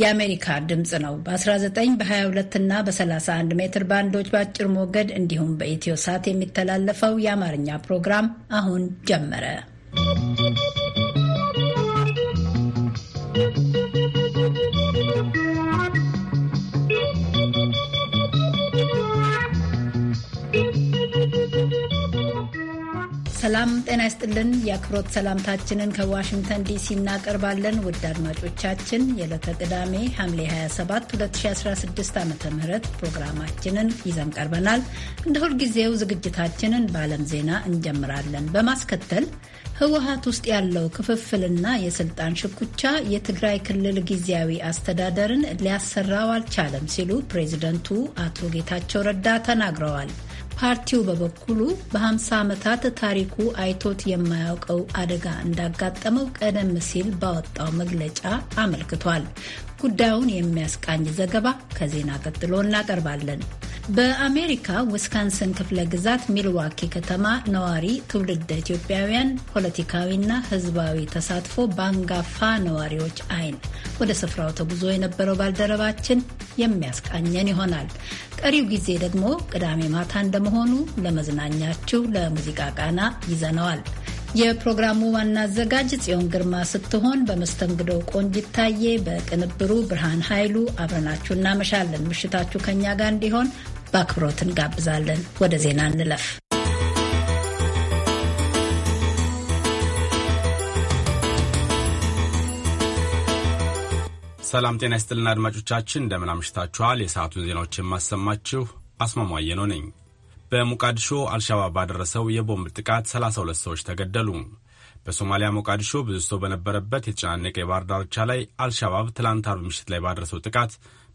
የአሜሪካ ድምፅ ነው። በ19 በ22 እና በ31 ሜትር ባንዶች በአጭር ሞገድ እንዲሁም በኢትዮ ሳት የሚተላለፈው የአማርኛ ፕሮግራም አሁን ጀመረ። ሰላም ጤና ይስጥልን። የአክብሮት ሰላምታችንን ከዋሽንግተን ዲሲ እናቀርባለን። ውድ አድማጮቻችን የዕለተ ቅዳሜ ሐምሌ 27 2016 ዓ ም ፕሮግራማችንን ይዘን ቀርበናል። እንደ ሁልጊዜው ዝግጅታችንን በዓለም ዜና እንጀምራለን። በማስከተል ህወሀት ውስጥ ያለው ክፍፍልና የስልጣን ሽኩቻ የትግራይ ክልል ጊዜያዊ አስተዳደርን ሊያሰራው አልቻለም ሲሉ ፕሬዚደንቱ አቶ ጌታቸው ረዳ ተናግረዋል። ፓርቲው በበኩሉ በ50 ዓመታት ታሪኩ አይቶት የማያውቀው አደጋ እንዳጋጠመው ቀደም ሲል ባወጣው መግለጫ አመልክቷል። ጉዳዩን የሚያስቃኝ ዘገባ ከዜና ቀጥሎ እናቀርባለን። በአሜሪካ ዊስካንሰን ክፍለ ግዛት ሚልዋኪ ከተማ ነዋሪ ትውልድ ኢትዮጵያውያን ፖለቲካዊና ሕዝባዊ ተሳትፎ በአንጋፋ ነዋሪዎች አይን ወደ ስፍራው ተጉዞ የነበረው ባልደረባችን የሚያስቃኘን ይሆናል። ቀሪው ጊዜ ደግሞ ቅዳሜ ማታ እንደመሆኑ ለመዝናኛችሁ ለሙዚቃ ቃና ይዘነዋል። የፕሮግራሙ ዋና አዘጋጅ ጽዮን ግርማ ስትሆን በመስተንግዶ ቆንጂት በቅንብሩ ብርሃን ኃይሉ አብረናችሁ እናመሻለን። ምሽታችሁ ከእኛ ጋር እንዲሆን በአክብሮት እንጋብዛለን። ወደ ዜና እንለፍ። ሰላም ጤና ይስጥልና አድማጮቻችን እንደምን አምሽታችኋል። የሰዓቱን ዜናዎች የማሰማችሁ አስማማየኖ ነኝ። በሞቃዲሾ አልሻባብ ባደረሰው የቦምብ ጥቃት 32 ሰዎች ተገደሉ። በሶማሊያ ሞቃዲሾ ብዙ ሰው በነበረበት የተጨናነቀ የባህር ዳርቻ ላይ አልሻባብ ትላንት አርብ ምሽት ላይ ባደረሰው ጥቃት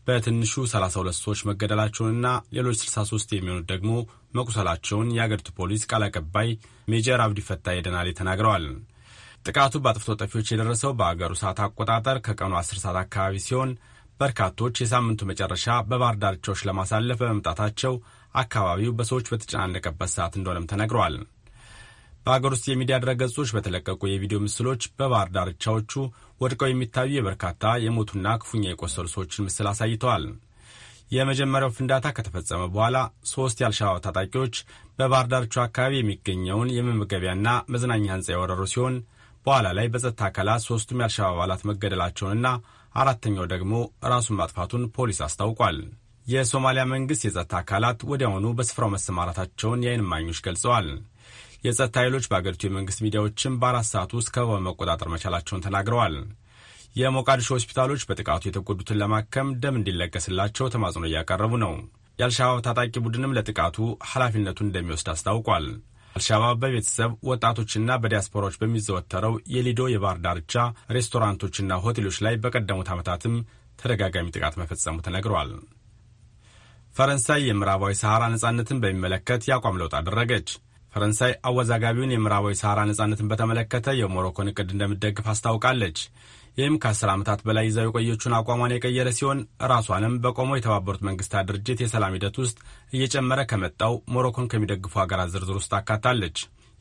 በትንሹ 32 ሰዎች መገደላቸውንና ሌሎች 63 የሚሆኑት ደግሞ መቁሰላቸውን የአገሪቱ ፖሊስ ቃል አቀባይ ሜጀር አብዲ ፈታ የደናሌ ተናግረዋል። ጥቃቱ በአጥፍቶ ጠፊዎች የደረሰው በአገሩ ሰዓት አቆጣጠር ከቀኑ 10 ሰዓት አካባቢ ሲሆን በርካቶች የሳምንቱ መጨረሻ በባህር ዳርቻዎች ለማሳለፍ በመምጣታቸው አካባቢው በሰዎች በተጨናነቀበት ሰዓት እንደሆነም ተነግሯል። በአገር ውስጥ የሚዲያ ድረገጾች በተለቀቁ የቪዲዮ ምስሎች በባህር ዳርቻዎቹ ወድቀው የሚታዩ የበርካታ የሞቱና ክፉኛ የቆሰሉ ሰዎችን ምስል አሳይተዋል። የመጀመሪያው ፍንዳታ ከተፈጸመ በኋላ ሦስት የአልሸባብ ታጣቂዎች በባህር ዳርቻው አካባቢ የሚገኘውን የመመገቢያና መዝናኛ ህንፃ የወረሩ ሲሆን በኋላ ላይ በጸጥታ አካላት ሦስቱም የአልሸባብ አባላት መገደላቸውንና አራተኛው ደግሞ ራሱን ማጥፋቱን ፖሊስ አስታውቋል። የሶማሊያ መንግስት የጸጥታ አካላት ወዲያውኑ በስፍራው መሰማራታቸውን የአይን ማኞች ገልጸዋል። የጸጥታ ኃይሎች በአገሪቱ የመንግሥት ሚዲያዎችን በአራት ሰዓት ውስጥ ከበባውን መቆጣጠር መቻላቸውን ተናግረዋል። የሞቃዲሾ ሆስፒታሎች በጥቃቱ የተጎዱትን ለማከም ደም እንዲለገስላቸው ተማጽኖ እያቀረቡ ነው። የአልሻባብ ታጣቂ ቡድንም ለጥቃቱ ኃላፊነቱን እንደሚወስድ አስታውቋል። አልሻባብ በቤተሰብ ወጣቶችና በዲያስፖራዎች በሚዘወተረው የሊዶ የባህር ዳርቻ ሬስቶራንቶችና ሆቴሎች ላይ በቀደሙት ዓመታትም ተደጋጋሚ ጥቃት መፈጸሙ ተነግሯል። ፈረንሳይ የምዕራባዊ ሰሐራ ነጻነትን በሚመለከት የአቋም ለውጥ አደረገች። ፈረንሳይ አወዛጋቢውን የምዕራባዊ ሰሐራ ነጻነትን በተመለከተ የሞሮኮን እቅድ እንደምትደግፍ አስታውቃለች። ይህም ከአስር ዓመታት በላይ ይዛው የቆየችውን አቋሟን የቀየረ ሲሆን ራሷንም በቆሞ የተባበሩት መንግስታት ድርጅት የሰላም ሂደት ውስጥ እየጨመረ ከመጣው ሞሮኮን ከሚደግፉ ሀገራት ዝርዝር ውስጥ አካታለች።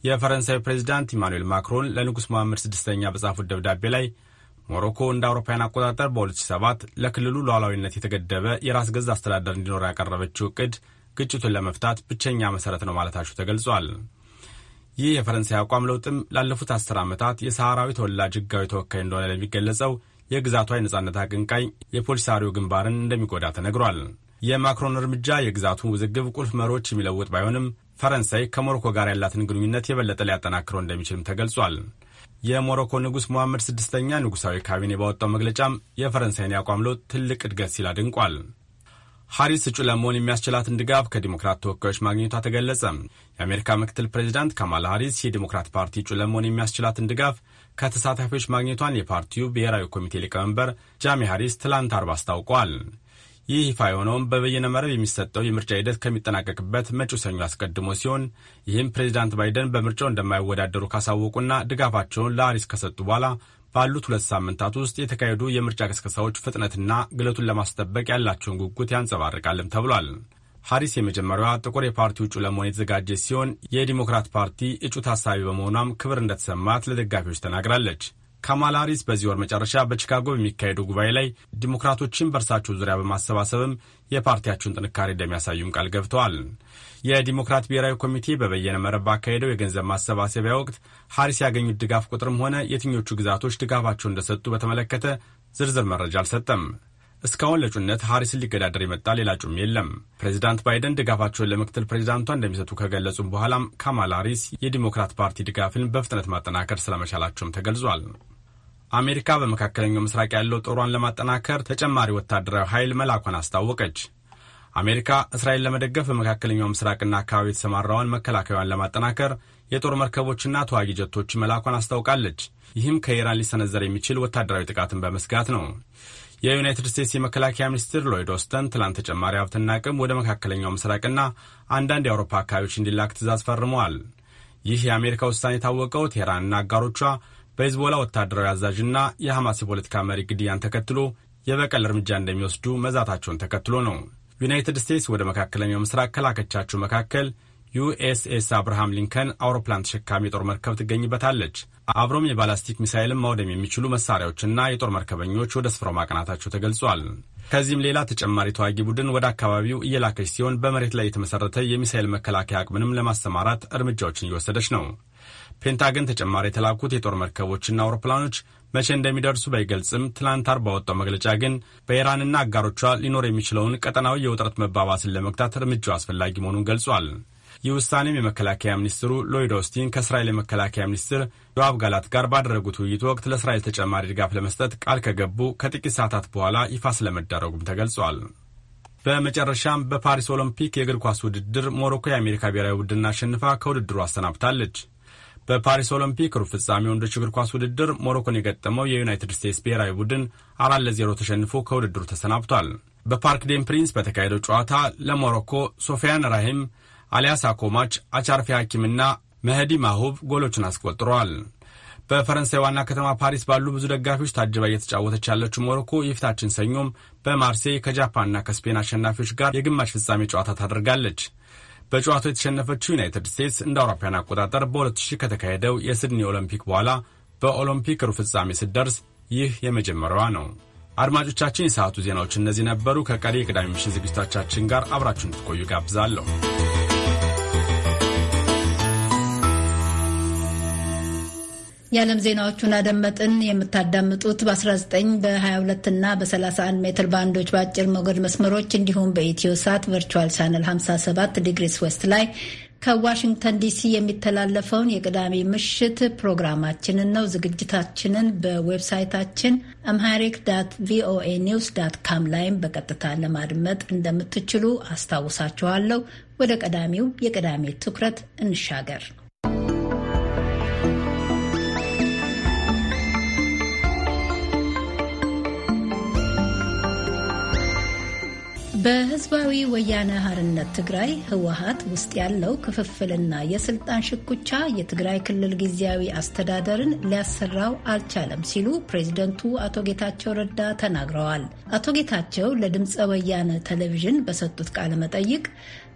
የፈረንሳዩ ፕሬዚዳንት ኢማኑኤል ማክሮን ለንጉሥ መሐመድ ስድስተኛ በጻፉት ደብዳቤ ላይ ሞሮኮ እንደ አውሮፓውያን አቆጣጠር በ2007 ለክልሉ ሉዓላዊነት የተገደበ የራስ ገዝ አስተዳደር እንዲኖር ያቀረበችው እቅድ ግጭቱን ለመፍታት ብቸኛ መሠረት ነው ማለታቸው ተገልጿል። ይህ የፈረንሳይ አቋም ለውጥም ላለፉት አስር ዓመታት የሰሐራዊ ተወላጅ ህጋዊ ተወካይ እንደሆነ ለሚገለጸው የግዛቷ የነጻነት አቀንቃኝ የፖሊሳሪዮ ግንባርን እንደሚጎዳ ተነግሯል። የማክሮን እርምጃ የግዛቱን ውዝግብ ቁልፍ መሪዎች የሚለውጥ ባይሆንም ፈረንሳይ ከሞሮኮ ጋር ያላትን ግንኙነት የበለጠ ሊያጠናክረው እንደሚችልም ተገልጿል። የሞሮኮ ንጉሥ መሐመድ ስድስተኛ ንጉሣዊ ካቢኔ ባወጣው መግለጫም የፈረንሳይን ያቋም ለውጥ ትልቅ እድገት ሲል አድንቋል። ሐሪስ እጩ ለመሆን የሚያስችላትን ድጋፍ ከዲሞክራት ተወካዮች ማግኘቷ ተገለጸ። የአሜሪካ ምክትል ፕሬዚዳንት ካማላ ሐሪስ የዲሞክራት ፓርቲ እጩ ለመሆን የሚያስችላትን ድጋፍ ከተሳታፊዎች ማግኘቷን የፓርቲው ብሔራዊ ኮሚቴ ሊቀመንበር ጃሚ ሐሪስ ትላንት አርብ አስታውቋል። ይህ ይፋ የሆነውም በበየነ መረብ የሚሰጠው የምርጫ ሂደት ከሚጠናቀቅበት መጪው ሰኞ አስቀድሞ ሲሆን ይህም ፕሬዚዳንት ባይደን በምርጫው እንደማይወዳደሩ ካሳወቁና ድጋፋቸውን ለአሪስ ከሰጡ በኋላ ባሉት ሁለት ሳምንታት ውስጥ የተካሄዱ የምርጫ ቅስቀሳዎች ፍጥነትና ግለቱን ለማስጠበቅ ያላቸውን ጉጉት ያንጸባርቃልም ተብሏል። ሃሪስ የመጀመሪያዋ ጥቁር የፓርቲ እጩ ለመሆን የተዘጋጀች ሲሆን የዲሞክራት ፓርቲ እጩ ታሳቢ በመሆኗም ክብር እንደተሰማት ለደጋፊዎች ተናግራለች። ካማላ ሃሪስ በዚህ ወር መጨረሻ በቺካጎ በሚካሄደው ጉባኤ ላይ ዲሞክራቶችን በእርሳቸው ዙሪያ በማሰባሰብም የፓርቲያቸውን ጥንካሬ እንደሚያሳዩም ቃል ገብተዋል። የዲሞክራት ብሔራዊ ኮሚቴ በበየነ መረብ ባካሄደው የገንዘብ ማሰባሰቢያ ወቅት ሃሪስ ያገኙት ድጋፍ ቁጥርም ሆነ የትኞቹ ግዛቶች ድጋፋቸው እንደሰጡ በተመለከተ ዝርዝር መረጃ አልሰጠም። እስካሁን ለጩነት ሀሪስ ሊገዳደር የመጣ ሌላ ጩም የለም። ፕሬዚዳንት ባይደን ድጋፋቸውን ለምክትል ፕሬዚዳንቷ እንደሚሰጡ ከገለጹም በኋላም ካማላ ሀሪስ የዲሞክራት ፓርቲ ድጋፍን በፍጥነት ማጠናከር ስለመቻላቸውም ተገልጿል። አሜሪካ በመካከለኛው ምስራቅ ያለው ጦሯን ለማጠናከር ተጨማሪ ወታደራዊ ኃይል መላኳን አስታወቀች። አሜሪካ እስራኤል ለመደገፍ በመካከለኛው ምስራቅና አካባቢ የተሰማራውን መከላከያዋን ለማጠናከር የጦር መርከቦችና ተዋጊ ጀቶች መላኳን አስታውቃለች። ይህም ከኢራን ሊሰነዘር የሚችል ወታደራዊ ጥቃትን በመስጋት ነው። የዩናይትድ ስቴትስ የመከላከያ ሚኒስትር ሎይድ ኦስተን ትላንት ተጨማሪ ሀብትና አቅም ወደ መካከለኛው ምስራቅና አንዳንድ የአውሮፓ አካባቢዎች እንዲላክ ትእዛዝ ፈርመዋል። ይህ የአሜሪካ ውሳኔ የታወቀው ቴህራንና አጋሮቿ በሂዝቦላ ወታደራዊ አዛዥና የሐማስ የፖለቲካ መሪ ግድያን ተከትሎ የበቀል እርምጃ እንደሚወስዱ መዛታቸውን ተከትሎ ነው። ዩናይትድ ስቴትስ ወደ መካከለኛው ምስራቅ ከላከቻቸው መካከል ዩኤስኤስ አብርሃም ሊንከን አውሮፕላን ተሸካሚ የጦር መርከብ ትገኝበታለች። አብሮም የባላስቲክ ሚሳይልን ማውደም የሚችሉ መሳሪያዎችና የጦር መርከበኞች ወደ ስፍራው ማቅናታቸው ተገልጿል። ከዚህም ሌላ ተጨማሪ ተዋጊ ቡድን ወደ አካባቢው እየላከች ሲሆን በመሬት ላይ የተመሰረተ የሚሳይል መከላከያ አቅምንም ለማሰማራት እርምጃዎችን እየወሰደች ነው። ፔንታገን ተጨማሪ የተላኩት የጦር መርከቦችና አውሮፕላኖች መቼ እንደሚደርሱ ባይገልጽም ትላንት አርብ ባወጣው መግለጫ ግን በኢራንና አጋሮቿ ሊኖር የሚችለውን ቀጠናዊ የውጥረት መባባስን ለመግታት እርምጃው አስፈላጊ መሆኑን ገልጿል። ይህ ውሳኔም የመከላከያ ሚኒስትሩ ሎይድ ኦስቲን ከእስራኤል የመከላከያ ሚኒስትር ዮአብ ጋላት ጋር ባደረጉት ውይይት ወቅት ለእስራኤል ተጨማሪ ድጋፍ ለመስጠት ቃል ከገቡ ከጥቂት ሰዓታት በኋላ ይፋ ስለመደረጉም ተገልጿል። በመጨረሻም በፓሪስ ኦሎምፒክ የእግር ኳስ ውድድር ሞሮኮ የአሜሪካ ብሔራዊ ቡድን አሸንፋ ከውድድሩ አሰናብታለች። በፓሪስ ኦሎምፒክ ሩብ ፍጻሜ ወንዶች እግር ኳስ ውድድር ሞሮኮን የገጠመው የዩናይትድ ስቴትስ ብሔራዊ ቡድን አራት ለዜሮ ተሸንፎ ከውድድሩ ተሰናብቷል። በፓርክ ዴም ፕሪንስ በተካሄደው ጨዋታ ለሞሮኮ ሶፊያን ራሂም አሊያስ አኮማች፣ አቻርፌ ሐኪምና መህዲ ማሁብ ጎሎችን አስቆጥረዋል። በፈረንሳይ ዋና ከተማ ፓሪስ ባሉ ብዙ ደጋፊዎች ታጅባ እየተጫወተች ያለችው ሞሮኮ የፊታችን ሰኞም በማርሴይ ከጃፓንና ከስፔን አሸናፊዎች ጋር የግማሽ ፍጻሜ ጨዋታ ታደርጋለች። በጨዋታው የተሸነፈችው ዩናይትድ ስቴትስ እንደ አውሮፓውያን አቆጣጠር በ2000 ከተካሄደው የሲድኒ ኦሎምፒክ በኋላ በኦሎምፒክ ሩብ ፍጻሜ ስትደርስ ይህ የመጀመሪያዋ ነው። አድማጮቻችን፣ የሰዓቱ ዜናዎች እነዚህ ነበሩ። ከቀሪ የቅዳሜ ምሽት ዝግጅቶቻችን ጋር አብራችሁን ትቆዩ ጋብዛለሁ። የዓለም ዜናዎቹን አደመጥን። የምታዳምጡት በ19 በ22 እና በ31 ሜትር ባንዶች በአጭር ሞገድ መስመሮች እንዲሁም በኢትዮ ሳት ቨርቹዋል ቻነል 57 ዲግሪስ ዌስት ላይ ከዋሽንግተን ዲሲ የሚተላለፈውን የቅዳሜ ምሽት ፕሮግራማችንን ነው። ዝግጅታችንን በዌብሳይታችን አምሃሪክ ዳት ቪኦኤ ኒውስ ዳት ካም ላይም በቀጥታ ለማድመጥ እንደምትችሉ አስታውሳችኋለሁ። ወደ ቀዳሚው የቅዳሜ ትኩረት እንሻገር። በህዝባዊ ወያነ ሀርነት ትግራይ ህወሀት ውስጥ ያለው ክፍፍልና የስልጣን ሽኩቻ የትግራይ ክልል ጊዜያዊ አስተዳደርን ሊያሰራው አልቻለም ሲሉ ፕሬዚደንቱ አቶ ጌታቸው ረዳ ተናግረዋል። አቶ ጌታቸው ለድምፀ ወያነ ቴሌቪዥን በሰጡት ቃለ መጠይቅ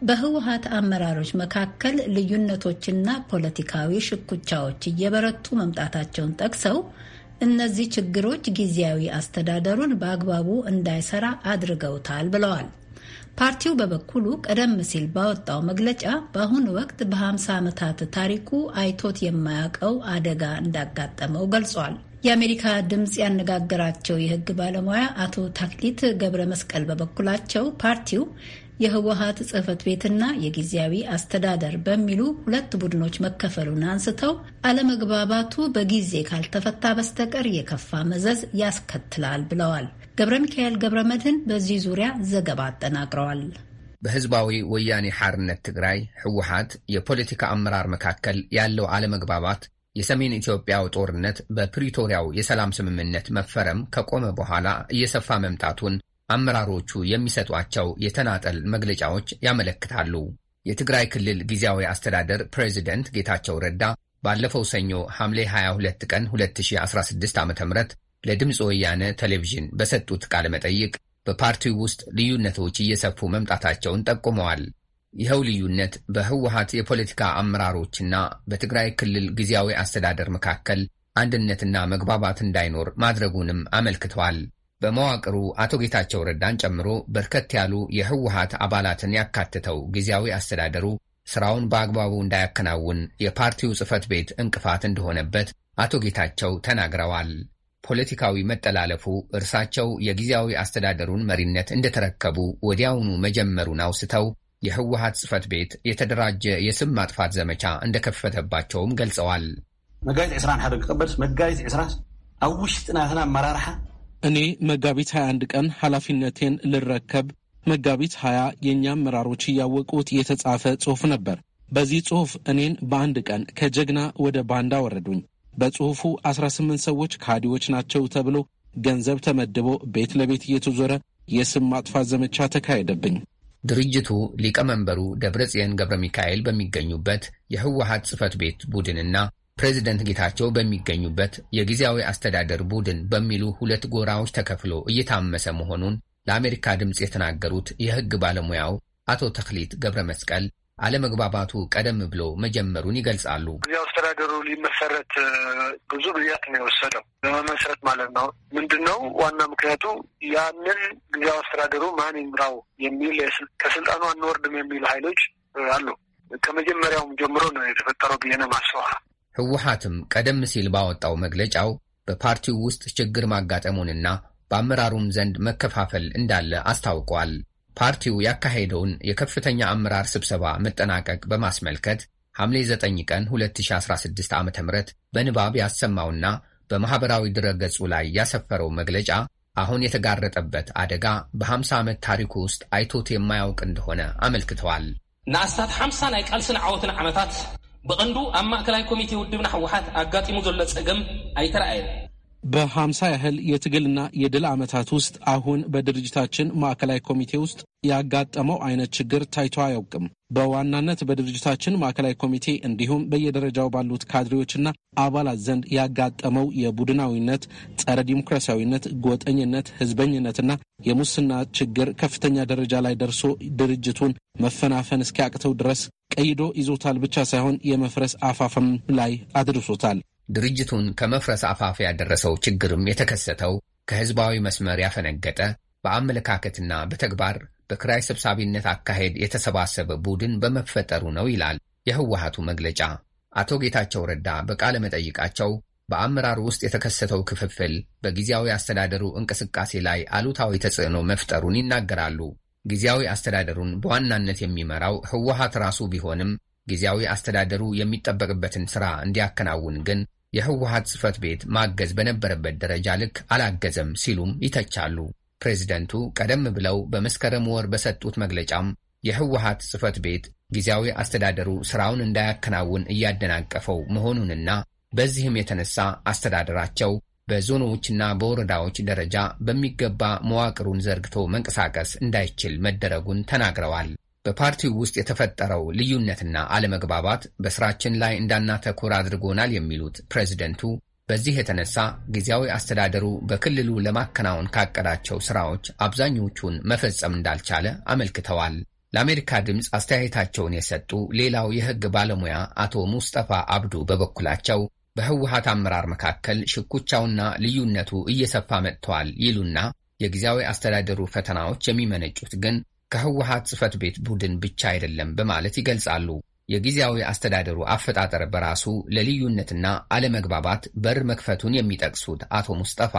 በህወሀት አመራሮች መካከል ልዩነቶችና ፖለቲካዊ ሽኩቻዎች እየበረቱ መምጣታቸውን ጠቅሰው እነዚህ ችግሮች ጊዜያዊ አስተዳደሩን በአግባቡ እንዳይሰራ አድርገውታል ብለዋል። ፓርቲው በበኩሉ ቀደም ሲል ባወጣው መግለጫ በአሁኑ ወቅት በ50 ዓመታት ታሪኩ አይቶት የማያውቀው አደጋ እንዳጋጠመው ገልጿል። የአሜሪካ ድምፅ ያነጋገራቸው የሕግ ባለሙያ አቶ ታክሊት ገብረ መስቀል በበኩላቸው ፓርቲው የህወሀት ጽህፈት ቤትና የጊዜያዊ አስተዳደር በሚሉ ሁለት ቡድኖች መከፈሉን አንስተው አለመግባባቱ በጊዜ ካልተፈታ በስተቀር የከፋ መዘዝ ያስከትላል ብለዋል። ገብረ ሚካኤል ገብረ መድህን በዚህ ዙሪያ ዘገባ አጠናቅረዋል። በህዝባዊ ወያኔ ሓርነት ትግራይ ህወሀት የፖለቲካ አመራር መካከል ያለው አለመግባባት የሰሜን ኢትዮጵያው ጦርነት በፕሪቶሪያው የሰላም ስምምነት መፈረም ከቆመ በኋላ እየሰፋ መምጣቱን አመራሮቹ የሚሰጧቸው የተናጠል መግለጫዎች ያመለክታሉ። የትግራይ ክልል ጊዜያዊ አስተዳደር ፕሬዚደንት ጌታቸው ረዳ ባለፈው ሰኞ ሐምሌ 22 ቀን 2016 ዓ ም ለድምፅ ወያነ ቴሌቪዥን በሰጡት ቃለ መጠይቅ በፓርቲው ውስጥ ልዩነቶች እየሰፉ መምጣታቸውን ጠቁመዋል። ይኸው ልዩነት በህወሀት የፖለቲካ አመራሮችና በትግራይ ክልል ጊዜያዊ አስተዳደር መካከል አንድነትና መግባባት እንዳይኖር ማድረጉንም አመልክተዋል። በመዋቅሩ አቶ ጌታቸው ረዳን ጨምሮ በርከት ያሉ የህወሀት አባላትን ያካትተው ጊዜያዊ አስተዳደሩ ስራውን በአግባቡ እንዳያከናውን የፓርቲው ጽህፈት ቤት እንቅፋት እንደሆነበት አቶ ጌታቸው ተናግረዋል። ፖለቲካዊ መጠላለፉ እርሳቸው የጊዜያዊ አስተዳደሩን መሪነት እንደተረከቡ ወዲያውኑ መጀመሩን አውስተው የህወሀት ጽህፈት ቤት የተደራጀ የስም ማጥፋት ዘመቻ እንደከፈተባቸውም ገልጸዋል። መጋየፂ ሓደ ክቀበልስ መጋየፅ ዕስራ ኣብ ውሽጥና ኣመራርሓ እኔ መጋቢት 21 ቀን ኃላፊነቴን ልረከብ መጋቢት 20 የእኛ አመራሮች እያወቁት የተጻፈ ጽሑፍ ነበር። በዚህ ጽሑፍ እኔን በአንድ ቀን ከጀግና ወደ ባንዳ ወረዱኝ። በጽሑፉ 18 ሰዎች ካዲዎች ናቸው ተብሎ ገንዘብ ተመድቦ ቤት ለቤት እየተዞረ የስም ማጥፋት ዘመቻ ተካሄደብኝ። ድርጅቱ ሊቀመንበሩ ደብረ ጽዮን ገብረ ሚካኤል በሚገኙበት የህወሀት ጽህፈት ቤት ቡድንና ፕሬዚደንት ጌታቸው በሚገኙበት የጊዜያዊ አስተዳደር ቡድን በሚሉ ሁለት ጎራዎች ተከፍሎ እየታመሰ መሆኑን ለአሜሪካ ድምፅ የተናገሩት የሕግ ባለሙያው አቶ ተክሊት ገብረ መስቀል አለመግባባቱ ቀደም ብሎ መጀመሩን ይገልጻሉ። ጊዜያዊ አስተዳደሩ ሊመሰረት ብዙ ጊዜያት ነው የወሰደው ለመመስረት ማለት ነው። ምንድን ነው ዋና ምክንያቱ? ያንን ጊዜያዊ አስተዳደሩ ማን ይምራው የሚል ከስልጣኑ አንወርድም የሚሉ ኃይሎች አሉ። ከመጀመሪያውም ጀምሮ ነው የተፈጠረው ብዬ ነው የማስበው። ህወሓትም ቀደም ሲል ባወጣው መግለጫው በፓርቲው ውስጥ ችግር ማጋጠሙንና በአመራሩም ዘንድ መከፋፈል እንዳለ አስታውቋል። ፓርቲው ያካሄደውን የከፍተኛ አመራር ስብሰባ መጠናቀቅ በማስመልከት ሐምሌ 9 ቀን 2016 ዓ ም በንባብ ያሰማውና በማኅበራዊ ድረገጹ ላይ ያሰፈረው መግለጫ አሁን የተጋረጠበት አደጋ በ50 ዓመት ታሪኩ ውስጥ አይቶት የማያውቅ እንደሆነ አመልክተዋል። ንኣስታት ሓምሳን ናይ ቃልስን ዓወትን ዓመታት ብቐንዱ ኣብ ማእከላይ ኮሚቴ ውድብና ሕወሓት ኣጋጢሙ ዘሎ ፀገም ኣይተረኣየን። በሃምሳ ያህል የትግልና የድል ዓመታት ውስጥ አሁን በድርጅታችን ማዕከላዊ ኮሚቴ ውስጥ ያጋጠመው አይነት ችግር ታይቶ አያውቅም። በዋናነት በድርጅታችን ማዕከላዊ ኮሚቴ እንዲሁም በየደረጃው ባሉት ካድሬዎችና አባላት ዘንድ ያጋጠመው የቡድናዊነት፣ ጸረ ዲሞክራሲያዊነት፣ ጎጠኝነት፣ ህዝበኝነትና የሙስና ችግር ከፍተኛ ደረጃ ላይ ደርሶ ድርጅቱን መፈናፈን እስኪያቅተው ድረስ ቀይዶ ይዞታል ብቻ ሳይሆን የመፍረስ አፋፍም ላይ አድርሶታል። ድርጅቱን ከመፍረስ አፋፍ ያደረሰው ችግርም የተከሰተው ከህዝባዊ መስመር ያፈነገጠ በአመለካከትና በተግባር በክራይ ሰብሳቢነት አካሄድ የተሰባሰበ ቡድን በመፈጠሩ ነው ይላል የህወሀቱ መግለጫ። አቶ ጌታቸው ረዳ በቃለ መጠይቃቸው በአመራር ውስጥ የተከሰተው ክፍፍል በጊዜያዊ አስተዳደሩ እንቅስቃሴ ላይ አሉታዊ ተጽዕኖ መፍጠሩን ይናገራሉ። ጊዜያዊ አስተዳደሩን በዋናነት የሚመራው ህወሀት ራሱ ቢሆንም ጊዜያዊ አስተዳደሩ የሚጠበቅበትን ሥራ እንዲያከናውን ግን የህወሀት ጽህፈት ቤት ማገዝ በነበረበት ደረጃ ልክ አላገዘም ሲሉም ይተቻሉ። ፕሬዚደንቱ ቀደም ብለው በመስከረም ወር በሰጡት መግለጫም የህወሀት ጽህፈት ቤት ጊዜያዊ አስተዳደሩ ሥራውን እንዳያከናውን እያደናቀፈው መሆኑንና በዚህም የተነሳ አስተዳደራቸው በዞኖችና በወረዳዎች ደረጃ በሚገባ መዋቅሩን ዘርግቶ መንቀሳቀስ እንዳይችል መደረጉን ተናግረዋል። በፓርቲው ውስጥ የተፈጠረው ልዩነትና አለመግባባት በስራችን ላይ እንዳናተኩር አድርጎናል የሚሉት ፕሬዚደንቱ በዚህ የተነሳ ጊዜያዊ አስተዳደሩ በክልሉ ለማከናወን ካቀዳቸው ስራዎች አብዛኞቹን መፈጸም እንዳልቻለ አመልክተዋል። ለአሜሪካ ድምፅ አስተያየታቸውን የሰጡ ሌላው የሕግ ባለሙያ አቶ ሙስጠፋ አብዱ በበኩላቸው በህወሀት አመራር መካከል ሽኩቻውና ልዩነቱ እየሰፋ መጥተዋል ይሉና የጊዜያዊ አስተዳደሩ ፈተናዎች የሚመነጩት ግን ከህወሀት ጽህፈት ቤት ቡድን ብቻ አይደለም በማለት ይገልጻሉ። የጊዜያዊ አስተዳደሩ አፈጣጠር በራሱ ለልዩነትና አለመግባባት በር መክፈቱን የሚጠቅሱት አቶ ሙስጠፋ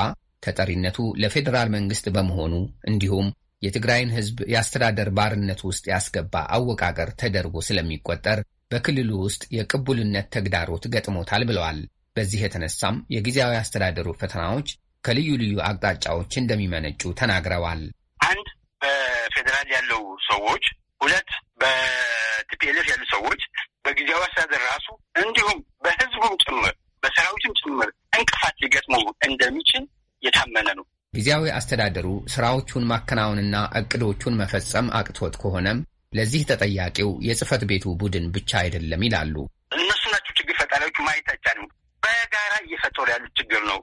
ተጠሪነቱ ለፌዴራል መንግስት በመሆኑ እንዲሁም የትግራይን ህዝብ የአስተዳደር ባርነት ውስጥ ያስገባ አወቃቀር ተደርጎ ስለሚቆጠር በክልሉ ውስጥ የቅቡልነት ተግዳሮት ገጥሞታል ብለዋል። በዚህ የተነሳም የጊዜያዊ አስተዳደሩ ፈተናዎች ከልዩ ልዩ አቅጣጫዎች እንደሚመነጩ ተናግረዋል። አንድ በፌዴራል ያለው ሰዎች፣ ሁለት በቲፒኤልኤፍ ያሉ ሰዎች በጊዜያዊ አስተዳደር ራሱ እንዲሁም በህዝቡም ጭምር በሰራዊትም ጭምር እንቅፋት ሊገጥሙ እንደሚችል የታመነ ነው። ጊዜያዊ አስተዳደሩ ስራዎቹን ማከናወንና እቅዶቹን መፈጸም አቅቶት ከሆነም ለዚህ ተጠያቂው የጽህፈት ቤቱ ቡድን ብቻ አይደለም ይላሉ። እነሱ ናቸው ችግር ፈጣሪዎች። ማየት አይቻልም። በጋራ እየፈጠሩ ያሉት ችግር ነው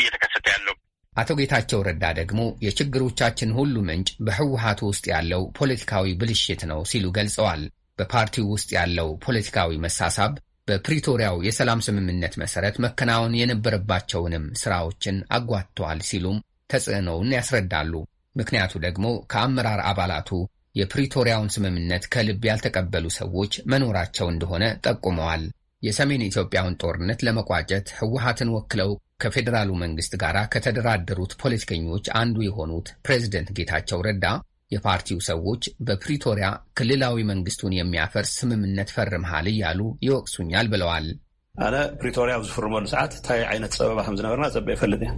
እየተከሰተ ያለው። አቶ ጌታቸው ረዳ ደግሞ የችግሮቻችን ሁሉ ምንጭ በህወሀቱ ውስጥ ያለው ፖለቲካዊ ብልሽት ነው ሲሉ ገልጸዋል። በፓርቲው ውስጥ ያለው ፖለቲካዊ መሳሳብ በፕሪቶሪያው የሰላም ስምምነት መሰረት መከናወን የነበረባቸውንም ስራዎችን አጓትተዋል ሲሉም ተጽዕኖውን ያስረዳሉ። ምክንያቱ ደግሞ ከአመራር አባላቱ የፕሪቶሪያውን ስምምነት ከልብ ያልተቀበሉ ሰዎች መኖራቸው እንደሆነ ጠቁመዋል። የሰሜን ኢትዮጵያውን ጦርነት ለመቋጨት ህወሓትን ወክለው ከፌዴራሉ መንግስት ጋር ከተደራደሩት ፖለቲከኞች አንዱ የሆኑት ፕሬዝደንት ጌታቸው ረዳ የፓርቲው ሰዎች በፕሪቶሪያ ክልላዊ መንግስቱን የሚያፈርስ ስምምነት ፈርምሃል እያሉ ይወቅሱኛል ብለዋል። ኣነ ፕሪቶሪያ ኣብ ዝፍርመሉ ሰዓት እንታይ ዓይነት ፀበባ ከም ዝነበርና ፀበ ይፈልጥ እየ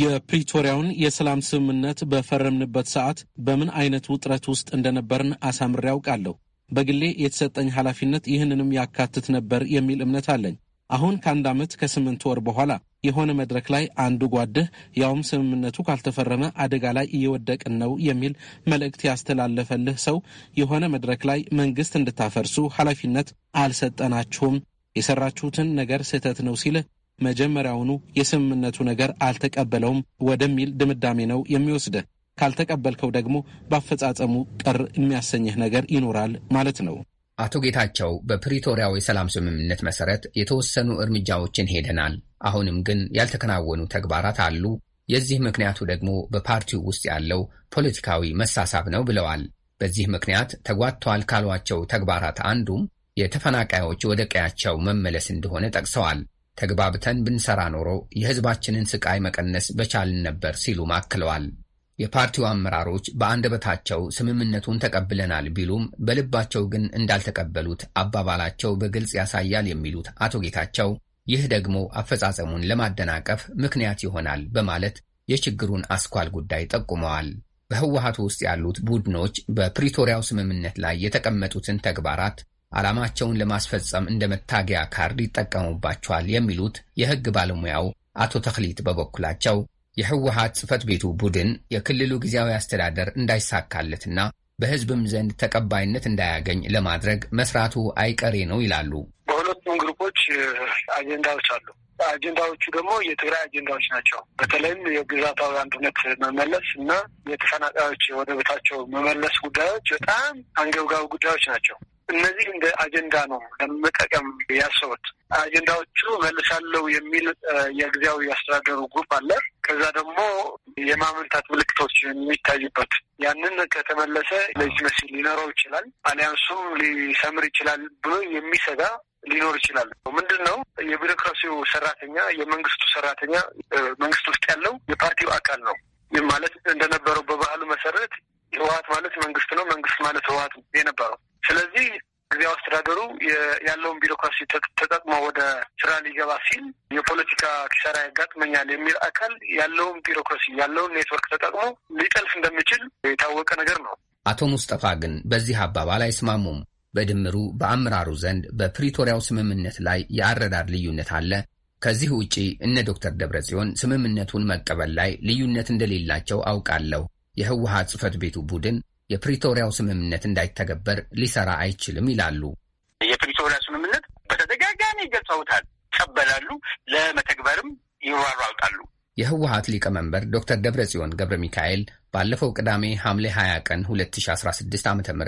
የፕሪቶሪያውን የሰላም ስምምነት በፈረምንበት ሰዓት በምን አይነት ውጥረት ውስጥ እንደነበርን አሳምሬ ያውቃለሁ። በግሌ የተሰጠኝ ኃላፊነት ይህንንም ያካትት ነበር የሚል እምነት አለኝ። አሁን ከአንድ ዓመት ከስምንት ወር በኋላ የሆነ መድረክ ላይ አንዱ ጓድህ ያውም ስምምነቱ ካልተፈረመ አደጋ ላይ እየወደቅን ነው የሚል መልእክት ያስተላለፈልህ ሰው የሆነ መድረክ ላይ መንግሥት እንድታፈርሱ ኃላፊነት አልሰጠናችሁም፣ የሠራችሁትን ነገር ስህተት ነው ሲልህ መጀመሪያውኑ የስምምነቱ ነገር አልተቀበለውም ወደሚል ድምዳሜ ነው የሚወስድህ። ካልተቀበልከው ደግሞ በአፈጻጸሙ ቅር የሚያሰኝህ ነገር ይኖራል ማለት ነው። አቶ ጌታቸው በፕሪቶሪያው የሰላም ስምምነት መሰረት የተወሰኑ እርምጃዎችን ሄደናል፣ አሁንም ግን ያልተከናወኑ ተግባራት አሉ። የዚህ ምክንያቱ ደግሞ በፓርቲው ውስጥ ያለው ፖለቲካዊ መሳሳብ ነው ብለዋል። በዚህ ምክንያት ተጓትተዋል ካሏቸው ተግባራት አንዱም የተፈናቃዮች ወደ ቀያቸው መመለስ እንደሆነ ጠቅሰዋል። ተግባብተን ብንሰራ ኖሮ የህዝባችንን ስቃይ መቀነስ በቻልን ነበር ሲሉም አክለዋል። የፓርቲው አመራሮች በአንደበታቸው ስምምነቱን ተቀብለናል ቢሉም በልባቸው ግን እንዳልተቀበሉት አባባላቸው በግልጽ ያሳያል የሚሉት አቶ ጌታቸው ይህ ደግሞ አፈጻጸሙን ለማደናቀፍ ምክንያት ይሆናል በማለት የችግሩን አስኳል ጉዳይ ጠቁመዋል። በህወሀቱ ውስጥ ያሉት ቡድኖች በፕሪቶሪያው ስምምነት ላይ የተቀመጡትን ተግባራት ዓላማቸውን ለማስፈጸም እንደ መታገያ ካርድ ይጠቀሙባቸዋል የሚሉት የሕግ ባለሙያው አቶ ተክሊት በበኩላቸው የህወሀት ጽህፈት ቤቱ ቡድን የክልሉ ጊዜያዊ አስተዳደር እንዳይሳካለትና በህዝብም ዘንድ ተቀባይነት እንዳያገኝ ለማድረግ መስራቱ አይቀሬ ነው ይላሉ። በሁለቱም ግሩፖች አጀንዳዎች አሉ። አጀንዳዎቹ ደግሞ የትግራይ አጀንዳዎች ናቸው። በተለይም የግዛታዊ አንድነት መመለስ እና የተፈናቃዮች ወደ ቤታቸው መመለስ ጉዳዮች በጣም አንገብጋቢ ጉዳዮች ናቸው። እነዚህ እንደ አጀንዳ ነው ለመጠቀም ያሰቡት። አጀንዳዎቹ መልሳለሁ የሚል የጊዜያዊ ያስተዳደሩ ግሩፕ አለ። ከዛ ደግሞ የማመንታት ምልክቶች የሚታዩበት ያንን ከተመለሰ ለዚህ መሲል ሊኖረው ይችላል፣ አሊያንሱም ሊሰምር ይችላል ብሎ የሚሰጋ ሊኖር ይችላል። ምንድን ነው የቢሮክራሲው ሰራተኛ የመንግስቱ ሰራተኛ መንግስት ውስጥ ያለው የፓርቲው አካል ነው ማለት እንደነበረው በባህሉ መሰረት ህወሀት ማለት መንግስት ነው፣ መንግስት ማለት ህወሀት የነበረው ስለዚህ ጊዜያዊ አስተዳደሩ ያለውን ቢሮክራሲ ተጠቅሞ ወደ ስራ ሊገባ ሲል የፖለቲካ ኪሳራ ያጋጥመኛል የሚል አካል ያለውን ቢሮክራሲ ያለውን ኔትወርክ ተጠቅሞ ሊጠልፍ እንደሚችል የታወቀ ነገር ነው። አቶ ሙስጠፋ ግን በዚህ አባባል አይስማሙም። በድምሩ በአመራሩ ዘንድ በፕሪቶሪያው ስምምነት ላይ የአረዳድ ልዩነት አለ። ከዚህ ውጪ እነ ዶክተር ደብረ ጽዮን ስምምነቱን መቀበል ላይ ልዩነት እንደሌላቸው አውቃለሁ። የህወሀት ጽህፈት ቤቱ ቡድን የፕሪቶሪያው ስምምነት እንዳይተገበር ሊሰራ አይችልም ይላሉ። የፕሪቶሪያ ስምምነት በተደጋጋሚ ይገልጸውታል፣ ይቀበላሉ፣ ለመተግበርም ይሯሯጣሉ። የህወሀት ሊቀመንበር ዶክተር ደብረጽዮን ገብረ ሚካኤል ባለፈው ቅዳሜ ሐምሌ 20 ቀን 2016 ዓ ም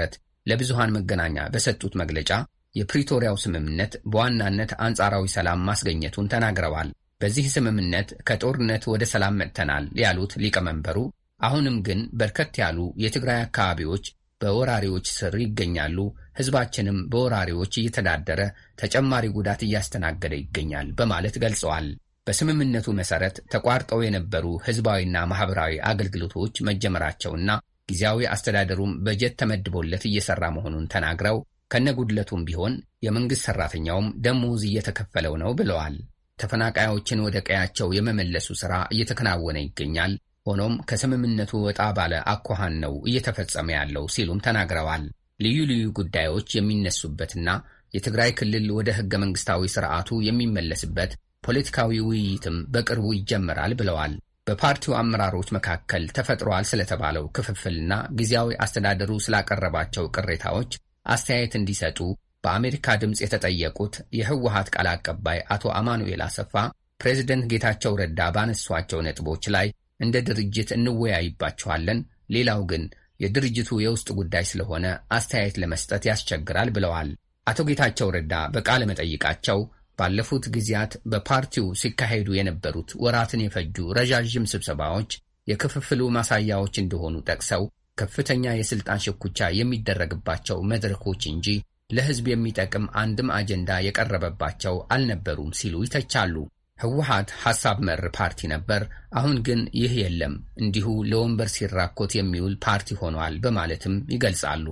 ለብዙሃን መገናኛ በሰጡት መግለጫ የፕሪቶሪያው ስምምነት በዋናነት አንጻራዊ ሰላም ማስገኘቱን ተናግረዋል። በዚህ ስምምነት ከጦርነት ወደ ሰላም መጥተናል ያሉት ሊቀመንበሩ አሁንም ግን በርከት ያሉ የትግራይ አካባቢዎች በወራሪዎች ስር ይገኛሉ። ህዝባችንም በወራሪዎች እየተዳደረ ተጨማሪ ጉዳት እያስተናገደ ይገኛል በማለት ገልጸዋል። በስምምነቱ መሰረት ተቋርጠው የነበሩ ሕዝባዊና ማኅበራዊ አገልግሎቶች መጀመራቸውና ጊዜያዊ አስተዳደሩም በጀት ተመድቦለት እየሠራ መሆኑን ተናግረው ከነጉድለቱም ቢሆን የመንግሥት ሠራተኛውም ደሞዝ እየተከፈለው ነው ብለዋል። ተፈናቃዮችን ወደ ቀያቸው የመመለሱ ሥራ እየተከናወነ ይገኛል። ሆኖም ከስምምነቱ ወጣ ባለ አኳኋን ነው እየተፈጸመ ያለው ሲሉም ተናግረዋል። ልዩ ልዩ ጉዳዮች የሚነሱበትና የትግራይ ክልል ወደ ህገ መንግስታዊ ስርዓቱ የሚመለስበት ፖለቲካዊ ውይይትም በቅርቡ ይጀመራል ብለዋል። በፓርቲው አመራሮች መካከል ተፈጥሯል ስለተባለው ክፍፍልና ጊዜያዊ አስተዳደሩ ስላቀረባቸው ቅሬታዎች አስተያየት እንዲሰጡ በአሜሪካ ድምፅ የተጠየቁት የህወሀት ቃል አቀባይ አቶ አማኑኤል አሰፋ ፕሬዚደንት ጌታቸው ረዳ ባነሷቸው ነጥቦች ላይ እንደ ድርጅት እንወያይባቸዋለን፣ ሌላው ግን የድርጅቱ የውስጥ ጉዳይ ስለሆነ አስተያየት ለመስጠት ያስቸግራል ብለዋል። አቶ ጌታቸው ረዳ በቃለ መጠይቃቸው ባለፉት ጊዜያት በፓርቲው ሲካሄዱ የነበሩት ወራትን የፈጁ ረዣዥም ስብሰባዎች የክፍፍሉ ማሳያዎች እንደሆኑ ጠቅሰው ከፍተኛ የሥልጣን ሽኩቻ የሚደረግባቸው መድረኮች እንጂ ለሕዝብ የሚጠቅም አንድም አጀንዳ የቀረበባቸው አልነበሩም ሲሉ ይተቻሉ። ህወሓት ሐሳብ መር ፓርቲ ነበር። አሁን ግን ይህ የለም፣ እንዲሁ ለወንበር ሲራኮት የሚውል ፓርቲ ሆኗል በማለትም ይገልጻሉ።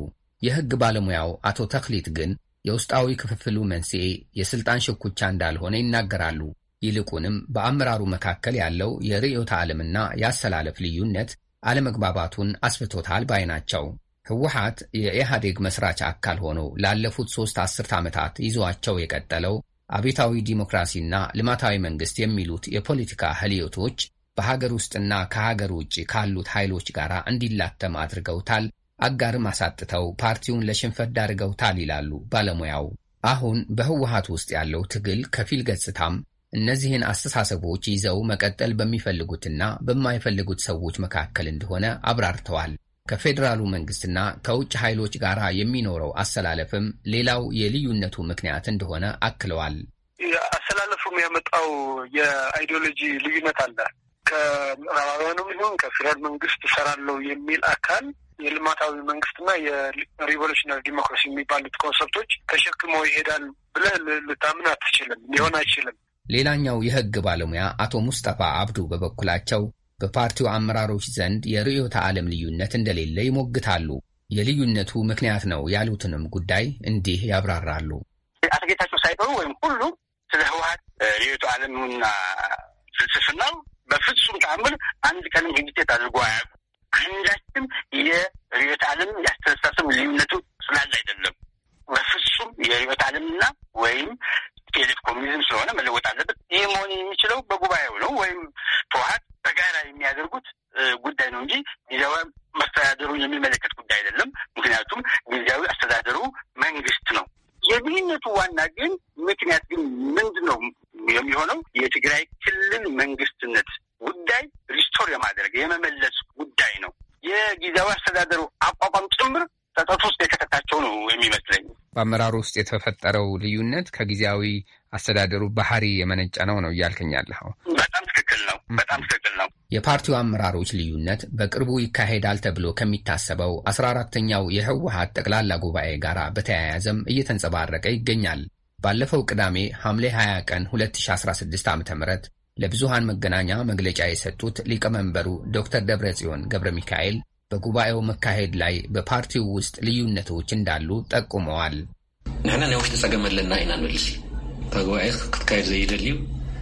የህግ ባለሙያው አቶ ተክሊት ግን የውስጣዊ ክፍፍሉ መንስኤ የስልጣን ሽኩቻ እንዳልሆነ ይናገራሉ። ይልቁንም በአመራሩ መካከል ያለው የርዕዮተ ዓለምና የአሰላለፍ ልዩነት አለመግባባቱን አስፍቶታል ባይ ናቸው። ህወሓት የኢህአዴግ መስራች አካል ሆኖ ላለፉት ሦስት አስርት ዓመታት ይዟቸው የቀጠለው አቤታዊ ዲሞክራሲና ልማታዊ መንግስት የሚሉት የፖለቲካ ህልዮቶች በሀገር ውስጥና ከሀገር ውጭ ካሉት ኃይሎች ጋር እንዲላተም አድርገውታል፣ አጋርም አሳጥተው ፓርቲውን ለሽንፈት ዳርገውታል ይላሉ ባለሙያው። አሁን በህወሀት ውስጥ ያለው ትግል ከፊል ገጽታም እነዚህን አስተሳሰቦች ይዘው መቀጠል በሚፈልጉትና በማይፈልጉት ሰዎች መካከል እንደሆነ አብራርተዋል። ከፌዴራሉ መንግስትና ከውጭ ኃይሎች ጋር የሚኖረው አሰላለፍም ሌላው የልዩነቱ ምክንያት እንደሆነ አክለዋል። አሰላለፉም ያመጣው የአይዲዮሎጂ ልዩነት አለ። ከምዕራባውያኑም ይሁን ከፌዴራል መንግስት እሰራለሁ የሚል አካል የልማታዊ መንግስትና የሪቮሉሽናሪ ዲሞክራሲ የሚባሉት ኮንሰፕቶች ተሸክሞ ይሄዳል ብለህ ልታምን አትችልም፣ ሊሆን አይችልም። ሌላኛው የህግ ባለሙያ አቶ ሙስጠፋ አብዱ በበኩላቸው በፓርቲው አመራሮች ዘንድ የርዕዮተ ዓለም ልዩነት እንደሌለ ይሞግታሉ። የልዩነቱ ምክንያት ነው ያሉትንም ጉዳይ እንዲህ ያብራራሉ። አቶ ጌታቸው ሳይቀሩ ወይም ሁሉ ስለ ህወሀት ርዕዮተ ዓለምና ፍልስፍናው በፍጹም ተአምር አንድ ቀንም ግጭት አድርጎ አያውቁም። አንዳችም የርዕዮተ ዓለም ያስተሳሰብ ልዩነቱ ስላለ አይደለም። በፍጹም የርዕዮተ ዓለምና ወይም ቴሌፍ ኮሚኒዝም ስለሆነ መለወጥ አለበት። ይህ መሆን የሚችለው በጉባኤው ነው ወይም ህወሀት በጋራ የሚያደርጉት ጉዳይ ነው እንጂ ጊዜያዊ መስተዳደሩን የሚመለከት ጉዳይ አይደለም። ምክንያቱም ጊዜያዊ አስተዳደሩ መንግስት ነው። የድህነቱ ዋና ግን ምክንያት ግን ምንድን ነው የሚሆነው? የትግራይ ክልል መንግስትነት ጉዳይ ሪስቶር የማድረግ የመመለስ ጉዳይ ነው። የጊዜያዊ አስተዳደሩ አቋቋም ጭምር ጸጸት ውስጥ የከተታቸው ነው የሚመስለኝ። በአመራሩ ውስጥ የተፈጠረው ልዩነት ከጊዜያዊ አስተዳደሩ ባህሪ የመነጨ ነው ነው እያልከኝ በጣም ትክክል ነው። በጣም ትክክል የፓርቲው አመራሮች ልዩነት በቅርቡ ይካሄዳል ተብሎ ከሚታሰበው 14ተኛው የህወሀት ጠቅላላ ጉባኤ ጋር በተያያዘም እየተንጸባረቀ ይገኛል። ባለፈው ቅዳሜ ሐምሌ 20 ቀን 2016 ዓ ም ለብዙሃን መገናኛ መግለጫ የሰጡት ሊቀመንበሩ ዶክተር ደብረ ጽዮን ገብረ ሚካኤል በጉባኤው መካሄድ ላይ በፓርቲው ውስጥ ልዩነቶች እንዳሉ ጠቁመዋል። ንሕና ናይ ውሽጢ ጸገም ኣለና ኢና ንብል እታ ጉባኤ ክትካየድ ዘይደልዩ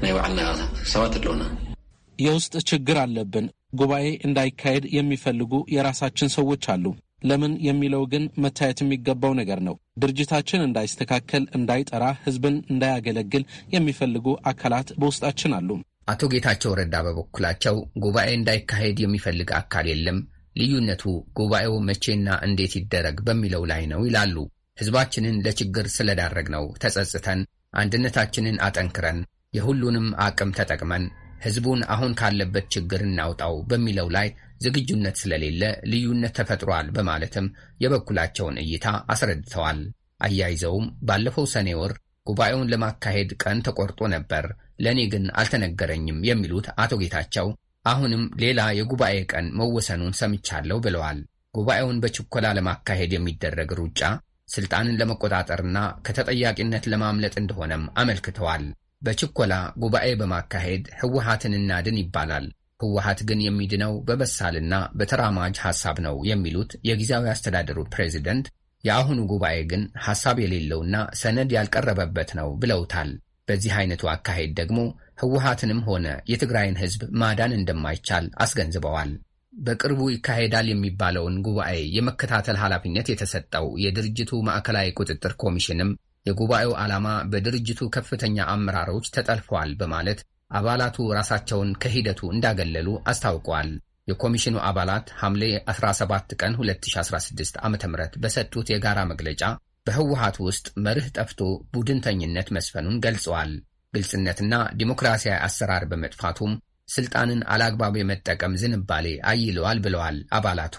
ናይ ባዕልና ሰባት ኣለውና የውስጥ ችግር አለብን። ጉባኤ እንዳይካሄድ የሚፈልጉ የራሳችን ሰዎች አሉ። ለምን የሚለው ግን መታየት የሚገባው ነገር ነው። ድርጅታችን እንዳይስተካከል፣ እንዳይጠራ፣ ህዝብን እንዳያገለግል የሚፈልጉ አካላት በውስጣችን አሉ። አቶ ጌታቸው ረዳ በበኩላቸው ጉባኤ እንዳይካሄድ የሚፈልግ አካል የለም፣ ልዩነቱ ጉባኤው መቼና እንዴት ይደረግ በሚለው ላይ ነው ይላሉ። ህዝባችንን ለችግር ስለዳረግ ነው ተጸጽተን አንድነታችንን አጠንክረን የሁሉንም አቅም ተጠቅመን ህዝቡን አሁን ካለበት ችግር እናውጣው በሚለው ላይ ዝግጁነት ስለሌለ ልዩነት ተፈጥሯል በማለትም የበኩላቸውን እይታ አስረድተዋል። አያይዘውም ባለፈው ሰኔ ወር ጉባኤውን ለማካሄድ ቀን ተቆርጦ ነበር፣ ለእኔ ግን አልተነገረኝም የሚሉት አቶ ጌታቸው አሁንም ሌላ የጉባኤ ቀን መወሰኑን ሰምቻለሁ ብለዋል። ጉባኤውን በችኮላ ለማካሄድ የሚደረግ ሩጫ ስልጣንን ለመቆጣጠርና ከተጠያቂነት ለማምለጥ እንደሆነም አመልክተዋል። በችኮላ ጉባኤ በማካሄድ ህወሀትን እናድን ይባላል። ህወሀት ግን የሚድነው በበሳልና በተራማጅ ሐሳብ ነው የሚሉት የጊዜያዊ አስተዳደሩ ፕሬዚደንት፣ የአሁኑ ጉባኤ ግን ሐሳብ የሌለውና ሰነድ ያልቀረበበት ነው ብለውታል። በዚህ አይነቱ አካሄድ ደግሞ ህወሀትንም ሆነ የትግራይን ህዝብ ማዳን እንደማይቻል አስገንዝበዋል። በቅርቡ ይካሄዳል የሚባለውን ጉባኤ የመከታተል ኃላፊነት የተሰጠው የድርጅቱ ማዕከላዊ ቁጥጥር ኮሚሽንም የጉባኤው ዓላማ በድርጅቱ ከፍተኛ አመራሮች ተጠልፈዋል በማለት አባላቱ ራሳቸውን ከሂደቱ እንዳገለሉ አስታውቋል። የኮሚሽኑ አባላት ሐምሌ 17 ቀን 2016 ዓ ም በሰጡት የጋራ መግለጫ በህወሀት ውስጥ መርህ ጠፍቶ ቡድንተኝነት መስፈኑን ገልጸዋል። ግልጽነትና ዲሞክራሲያዊ አሰራር በመጥፋቱም ስልጣንን አላግባብ የመጠቀም ዝንባሌ አይለዋል ብለዋል። አባላቱ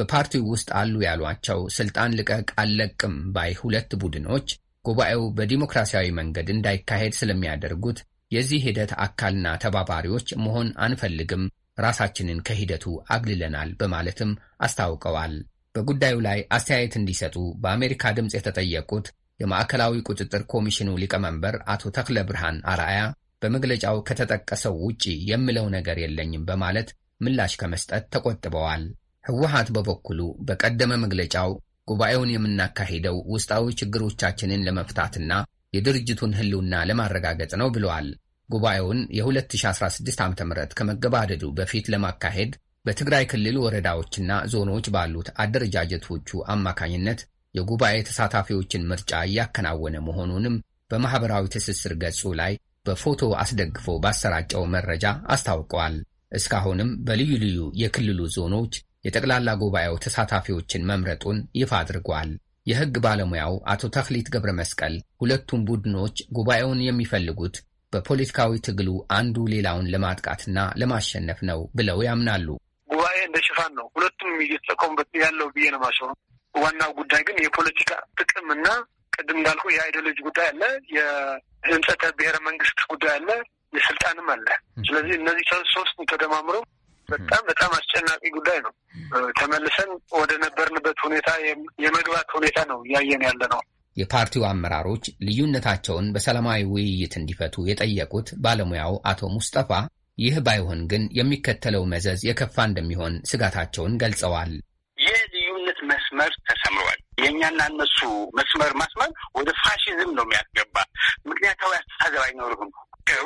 በፓርቲው ውስጥ አሉ ያሏቸው ስልጣን ልቀቅ አልለቅም ባይ ሁለት ቡድኖች ጉባኤው በዲሞክራሲያዊ መንገድ እንዳይካሄድ ስለሚያደርጉት የዚህ ሂደት አካልና ተባባሪዎች መሆን አንፈልግም፣ ራሳችንን ከሂደቱ አግልለናል በማለትም አስታውቀዋል። በጉዳዩ ላይ አስተያየት እንዲሰጡ በአሜሪካ ድምፅ የተጠየቁት የማዕከላዊ ቁጥጥር ኮሚሽኑ ሊቀመንበር አቶ ተክለ ብርሃን አርአያ በመግለጫው ከተጠቀሰው ውጪ የምለው ነገር የለኝም በማለት ምላሽ ከመስጠት ተቆጥበዋል። ህወሀት በበኩሉ በቀደመ መግለጫው ጉባኤውን የምናካሄደው ውስጣዊ ችግሮቻችንን ለመፍታትና የድርጅቱን ህልውና ለማረጋገጥ ነው ብለዋል። ጉባኤውን የ2016 ዓ ም ከመገባደዱ በፊት ለማካሄድ በትግራይ ክልል ወረዳዎችና ዞኖች ባሉት አደረጃጀቶቹ አማካኝነት የጉባኤ ተሳታፊዎችን ምርጫ እያከናወነ መሆኑንም በማኅበራዊ ትስስር ገጹ ላይ በፎቶ አስደግፎ ባሰራጨው መረጃ አስታውቀዋል። እስካሁንም በልዩ ልዩ የክልሉ ዞኖች የጠቅላላ ጉባኤው ተሳታፊዎችን መምረጡን ይፋ አድርጓል። የሕግ ባለሙያው አቶ ተክሊት ገብረ መስቀል ሁለቱም ቡድኖች ጉባኤውን የሚፈልጉት በፖለቲካዊ ትግሉ አንዱ ሌላውን ለማጥቃትና ለማሸነፍ ነው ብለው ያምናሉ። ጉባኤ እንደ ሽፋን ነው ሁለቱም እየተጠቀሙበት ያለው ብዬ ነው የማስበው። ዋናው ጉዳይ ግን የፖለቲካ ጥቅምና ቅድም እንዳልኩ የአይዲዮሎጂ ጉዳይ አለ፣ የህንጸተ ብሔረ መንግስት ጉዳይ አለ፣ የስልጣንም አለ። ስለዚህ እነዚህ ሶስቱ ተደማምረው በጣም በጣም አስጨናቂ ጉዳይ ነው። ተመልሰን ወደ ነበርንበት ሁኔታ የመግባት ሁኔታ ነው እያየን ያለ ነው። የፓርቲው አመራሮች ልዩነታቸውን በሰላማዊ ውይይት እንዲፈቱ የጠየቁት ባለሙያው አቶ ሙስጠፋ ይህ ባይሆን ግን የሚከተለው መዘዝ የከፋ እንደሚሆን ስጋታቸውን ገልጸዋል። ልዩነት መስመር ተሰምሯል። የእኛና እነሱ መስመር ማስመር ወደ ፋሽዝም ነው የሚያስገባ። ምክንያታዊ አስተሳሰብ አይኖርም።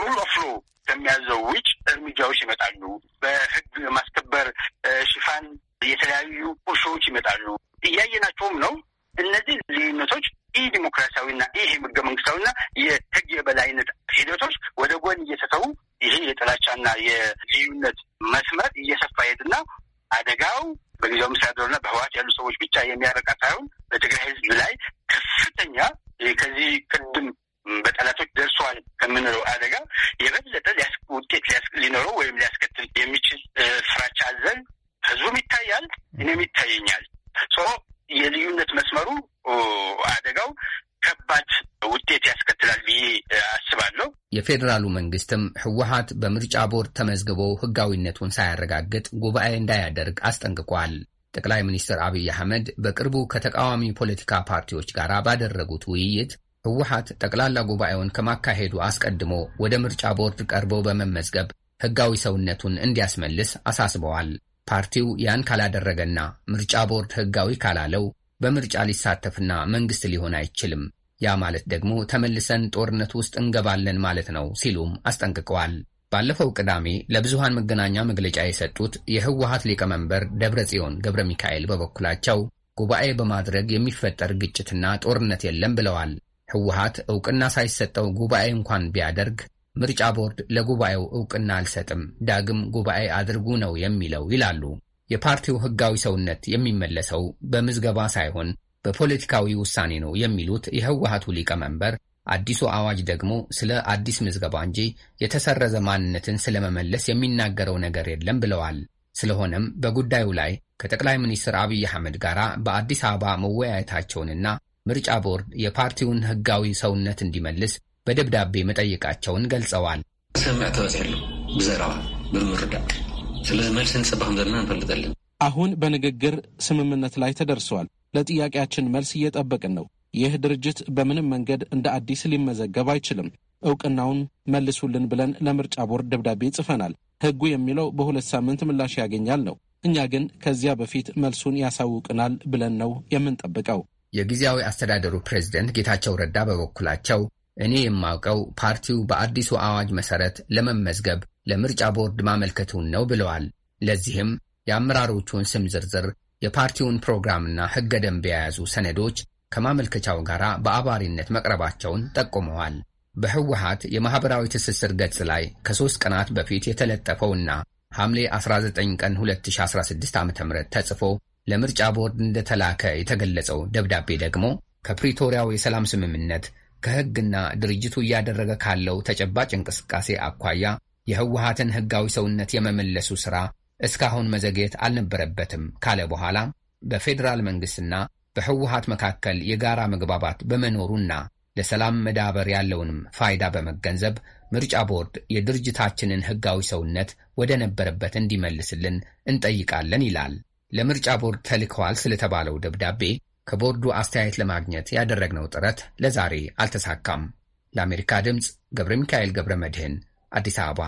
ሩል ኦፍ ሎ ከሚያዘው ውጭ እርምጃዎች ይመጣሉ። በህግ ማስከበር ሽፋን የተለያዩ ቁሶዎች ይመጣሉ። እያየናቸውም ነው። እነዚህ ልዩነቶች ኢ ዲሞክራሲያዊና ይህ ህገ መንግስታዊና የህግ የበላይነት ሂደቶች ወደ ጎን እየተተዉ ይሄ የጥላቻና የልዩነት መስመር እየሰፋ ሄድና አደጋው በጊዜው መስተዳድሩና በህወሓት ያሉ ሰዎች ብቻ የሚያበቃ ሳይሆን በትግራይ ህዝብ ላይ ከፍተኛ ከዚህ ቅድም በጠላቶች ደርሰዋል ከምንለው አደጋ የበለጠ ውጤት ሊኖረው ወይም ሊያስከትል የሚችል ፍራቻ አዘል ህዝቡም ይታያል፣ እኔም ይታየኛል። የልዩነት መስመሩ አደጋው ከባድ ውጤት ያስከትላል ብዬ አስባለሁ። የፌዴራሉ መንግስትም ህወሀት በምርጫ ቦርድ ተመዝግቦ ህጋዊነቱን ሳያረጋግጥ ጉባኤ እንዳያደርግ አስጠንቅቋል። ጠቅላይ ሚኒስትር አብይ አህመድ በቅርቡ ከተቃዋሚ ፖለቲካ ፓርቲዎች ጋር ባደረጉት ውይይት ህወሓት ጠቅላላ ጉባኤውን ከማካሄዱ አስቀድሞ ወደ ምርጫ ቦርድ ቀርቦ በመመዝገብ ህጋዊ ሰውነቱን እንዲያስመልስ አሳስበዋል። ፓርቲው ያን ካላደረገና ምርጫ ቦርድ ህጋዊ ካላለው በምርጫ ሊሳተፍና መንግስት ሊሆን አይችልም። ያ ማለት ደግሞ ተመልሰን ጦርነት ውስጥ እንገባለን ማለት ነው ሲሉም አስጠንቅቀዋል። ባለፈው ቅዳሜ ለብዙሃን መገናኛ መግለጫ የሰጡት የህወሓት ሊቀመንበር ደብረ ጽዮን ገብረ ሚካኤል በበኩላቸው ጉባኤ በማድረግ የሚፈጠር ግጭትና ጦርነት የለም ብለዋል። ህወሓት እውቅና ሳይሰጠው ጉባኤ እንኳን ቢያደርግ ምርጫ ቦርድ ለጉባኤው እውቅና አልሰጥም፣ ዳግም ጉባኤ አድርጉ ነው የሚለው ይላሉ። የፓርቲው ህጋዊ ሰውነት የሚመለሰው በምዝገባ ሳይሆን በፖለቲካዊ ውሳኔ ነው የሚሉት የህወሓቱ ሊቀመንበር፣ አዲሱ አዋጅ ደግሞ ስለ አዲስ ምዝገባ እንጂ የተሰረዘ ማንነትን ስለመመለስ የሚናገረው ነገር የለም ብለዋል። ስለሆነም በጉዳዩ ላይ ከጠቅላይ ሚኒስትር አብይ አህመድ ጋር በአዲስ አበባ መወያየታቸውንና ምርጫ ቦርድ የፓርቲውን ህጋዊ ሰውነት እንዲመልስ በደብዳቤ መጠየቃቸውን ገልጸዋል። ሰብ መእተወፅ የሉ ብምርዳእ ስለዚ መልስ ንፅባኹም ዘለና እንፈልጠለን። አሁን በንግግር ስምምነት ላይ ተደርሰዋል። ለጥያቄያችን መልስ እየጠበቅን ነው። ይህ ድርጅት በምንም መንገድ እንደ አዲስ ሊመዘገብ አይችልም። እውቅናውን መልሱልን ብለን ለምርጫ ቦርድ ደብዳቤ ጽፈናል። ህጉ የሚለው በሁለት ሳምንት ምላሽ ያገኛል ነው። እኛ ግን ከዚያ በፊት መልሱን ያሳውቅናል ብለን ነው የምንጠብቀው። የጊዜያዊ አስተዳደሩ ፕሬዝደንት ጌታቸው ረዳ በበኩላቸው እኔ የማውቀው ፓርቲው በአዲሱ አዋጅ መሰረት ለመመዝገብ ለምርጫ ቦርድ ማመልከቱን ነው ብለዋል። ለዚህም የአመራሮቹን ስም ዝርዝር፣ የፓርቲውን ፕሮግራምና ሕገ ደንብ የያዙ ሰነዶች ከማመልከቻው ጋር በአባሪነት መቅረባቸውን ጠቁመዋል። በህወሀት የማኅበራዊ ትስስር ገጽ ላይ ከሦስት ቀናት በፊት የተለጠፈውና ሐምሌ 19 ቀን 2016 ዓ ም ተጽፎ ለምርጫ ቦርድ እንደተላከ የተገለጸው ደብዳቤ ደግሞ ከፕሪቶሪያው የሰላም ስምምነት ከሕግና ድርጅቱ እያደረገ ካለው ተጨባጭ እንቅስቃሴ አኳያ የህወሀትን ህጋዊ ሰውነት የመመለሱ ሥራ እስካሁን መዘግየት አልነበረበትም ካለ በኋላ በፌዴራል መንግሥትና በህወሀት መካከል የጋራ መግባባት በመኖሩና ለሰላም መዳበር ያለውንም ፋይዳ በመገንዘብ ምርጫ ቦርድ የድርጅታችንን ህጋዊ ሰውነት ወደ ነበረበት እንዲመልስልን እንጠይቃለን ይላል ለምርጫ ቦርድ ተልከዋል ስለተባለው ደብዳቤ ከቦርዱ አስተያየት ለማግኘት ያደረግነው ጥረት ለዛሬ አልተሳካም። ለአሜሪካ ድምፅ ገብረ ሚካኤል ገብረ መድህን አዲስ አበባ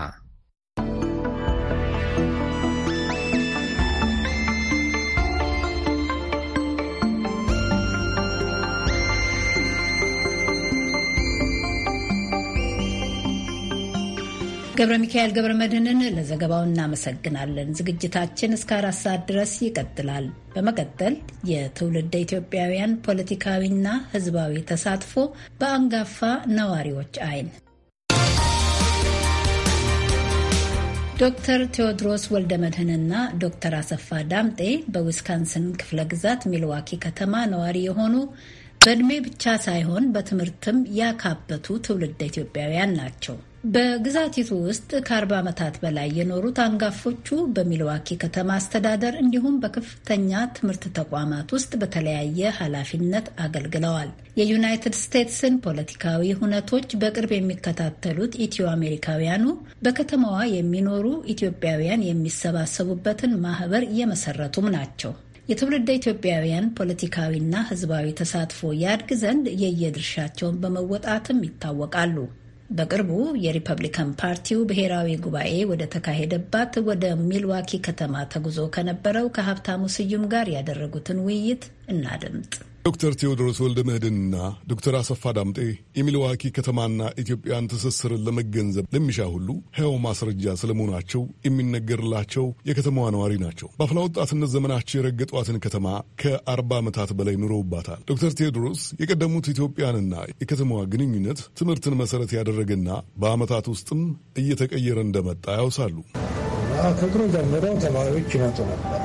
ገብረ ሚካኤል ገብረ መድህንን ለዘገባው እናመሰግናለን። ዝግጅታችን እስከ አራት ሰዓት ድረስ ይቀጥላል። በመቀጠል የትውልደ ኢትዮጵያውያን ፖለቲካዊና ሕዝባዊ ተሳትፎ በአንጋፋ ነዋሪዎች አይን ዶክተር ቴዎድሮስ ወልደ መድህንና ዶክተር አሰፋ ዳምጤ በዊስካንስን ክፍለ ግዛት ሚልዋኪ ከተማ ነዋሪ የሆኑ በእድሜ ብቻ ሳይሆን በትምህርትም ያካበቱ ትውልደ ኢትዮጵያውያን ናቸው። በግዛቲቱ ውስጥ ከ ዓመታት በላይ የኖሩት አንጋፎቹ በሚልዋኪ ከተማ አስተዳደር እንዲሁም በከፍተኛ ትምህርት ተቋማት ውስጥ በተለያየ ኃላፊነት አገልግለዋል። የዩናይትድ ስቴትስን ፖለቲካዊ ሁነቶች በቅርብ የሚከታተሉት ኢትዮ አሜሪካውያኑ በከተማዋ የሚኖሩ ኢትዮጵያውያን የሚሰባሰቡበትን ማህበር እየመሰረቱም ናቸው። የትውልደ ኢትዮጵያውያን ፖለቲካዊና ሕዝባዊ ተሳትፎ ያድግ ዘንድ የየድርሻቸውን በመወጣትም ይታወቃሉ። በቅርቡ የሪፐብሊካን ፓርቲው ብሔራዊ ጉባኤ ወደ ተካሄደባት ወደ ሚልዋኪ ከተማ ተጉዞ ከነበረው ከሀብታሙ ስዩም ጋር ያደረጉትን ውይይት እናድምጥ። ዶክተር ቴዎድሮስ ወልደ ምህድንና ዶክተር አሰፋ ዳምጤ የሚልዋኪ ከተማና ኢትዮጵያን ትስስርን ለመገንዘብ ለሚሻ ሁሉ ሕያው ማስረጃ ስለመሆናቸው የሚነገርላቸው የከተማዋ ነዋሪ ናቸው። በአፍላ ወጣትነት ዘመናቸው የረገጧትን ከተማ ከአርባ ዓመታት በላይ ኑረውባታል። ዶክተር ቴዎድሮስ የቀደሙት ኢትዮጵያንና የከተማዋ ግንኙነት ትምህርትን መሰረት ያደረገና በዓመታት ውስጥም እየተቀየረ እንደመጣ ያውሳሉ። ከድሮ ጀምረው ተማሪዎች ይመጡ ነበር።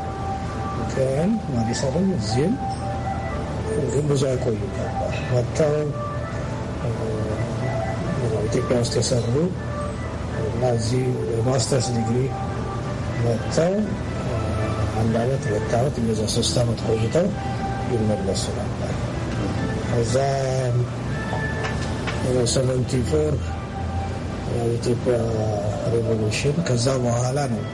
ከን ማዲሰብን እዚህም ግን ብዙ አይቆዩ መጥተው ኢትዮጵያ ውስጥ የሰሩ እና እዚህ በማስተርስ ዲግሪ መጥተው አንድ አመት ሁለት አመት እንደዛ ሶስት አመት ቆይተው ይመለሱ ነበር። ከዛ ሰቨንቲ ፎር የኢትዮጵያ ሬቮሉሽን ከዛ በኋላ ነው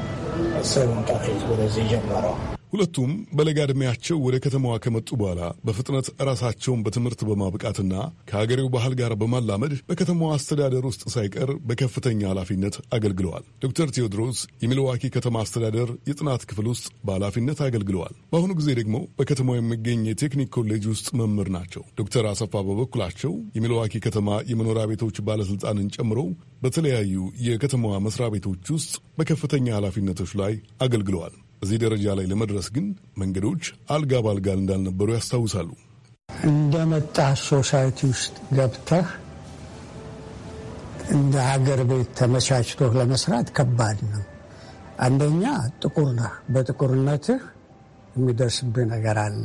ሰው ሰብን ወደዚህ ጀመረው። ሁለቱም በለጋ ዕድሜያቸው ወደ ከተማዋ ከመጡ በኋላ በፍጥነት ራሳቸውን በትምህርት በማብቃትና ከሀገሬው ባህል ጋር በማላመድ በከተማዋ አስተዳደር ውስጥ ሳይቀር በከፍተኛ ኃላፊነት አገልግለዋል። ዶክተር ቴዎድሮስ የሚልዋኪ ከተማ አስተዳደር የጥናት ክፍል ውስጥ በኃላፊነት አገልግለዋል። በአሁኑ ጊዜ ደግሞ በከተማው የሚገኝ የቴክኒክ ኮሌጅ ውስጥ መምህር ናቸው። ዶክተር አሰፋ በበኩላቸው የሚልዋኪ ከተማ የመኖሪያ ቤቶች ባለስልጣንን ጨምሮ በተለያዩ የከተማዋ መስሪያ ቤቶች ውስጥ በከፍተኛ ኃላፊነቶች ላይ አገልግለዋል። እዚህ ደረጃ ላይ ለመድረስ ግን መንገዶች አልጋ ባልጋ እንዳልነበሩ ያስታውሳሉ። እንደመጣ ሶሳይቲ ውስጥ ገብተህ እንደ ሀገር ቤት ተመቻችቶ ለመስራት ከባድ ነው። አንደኛ ጥቁር ነህ። በጥቁርነትህ የሚደርስብህ ነገር አለ።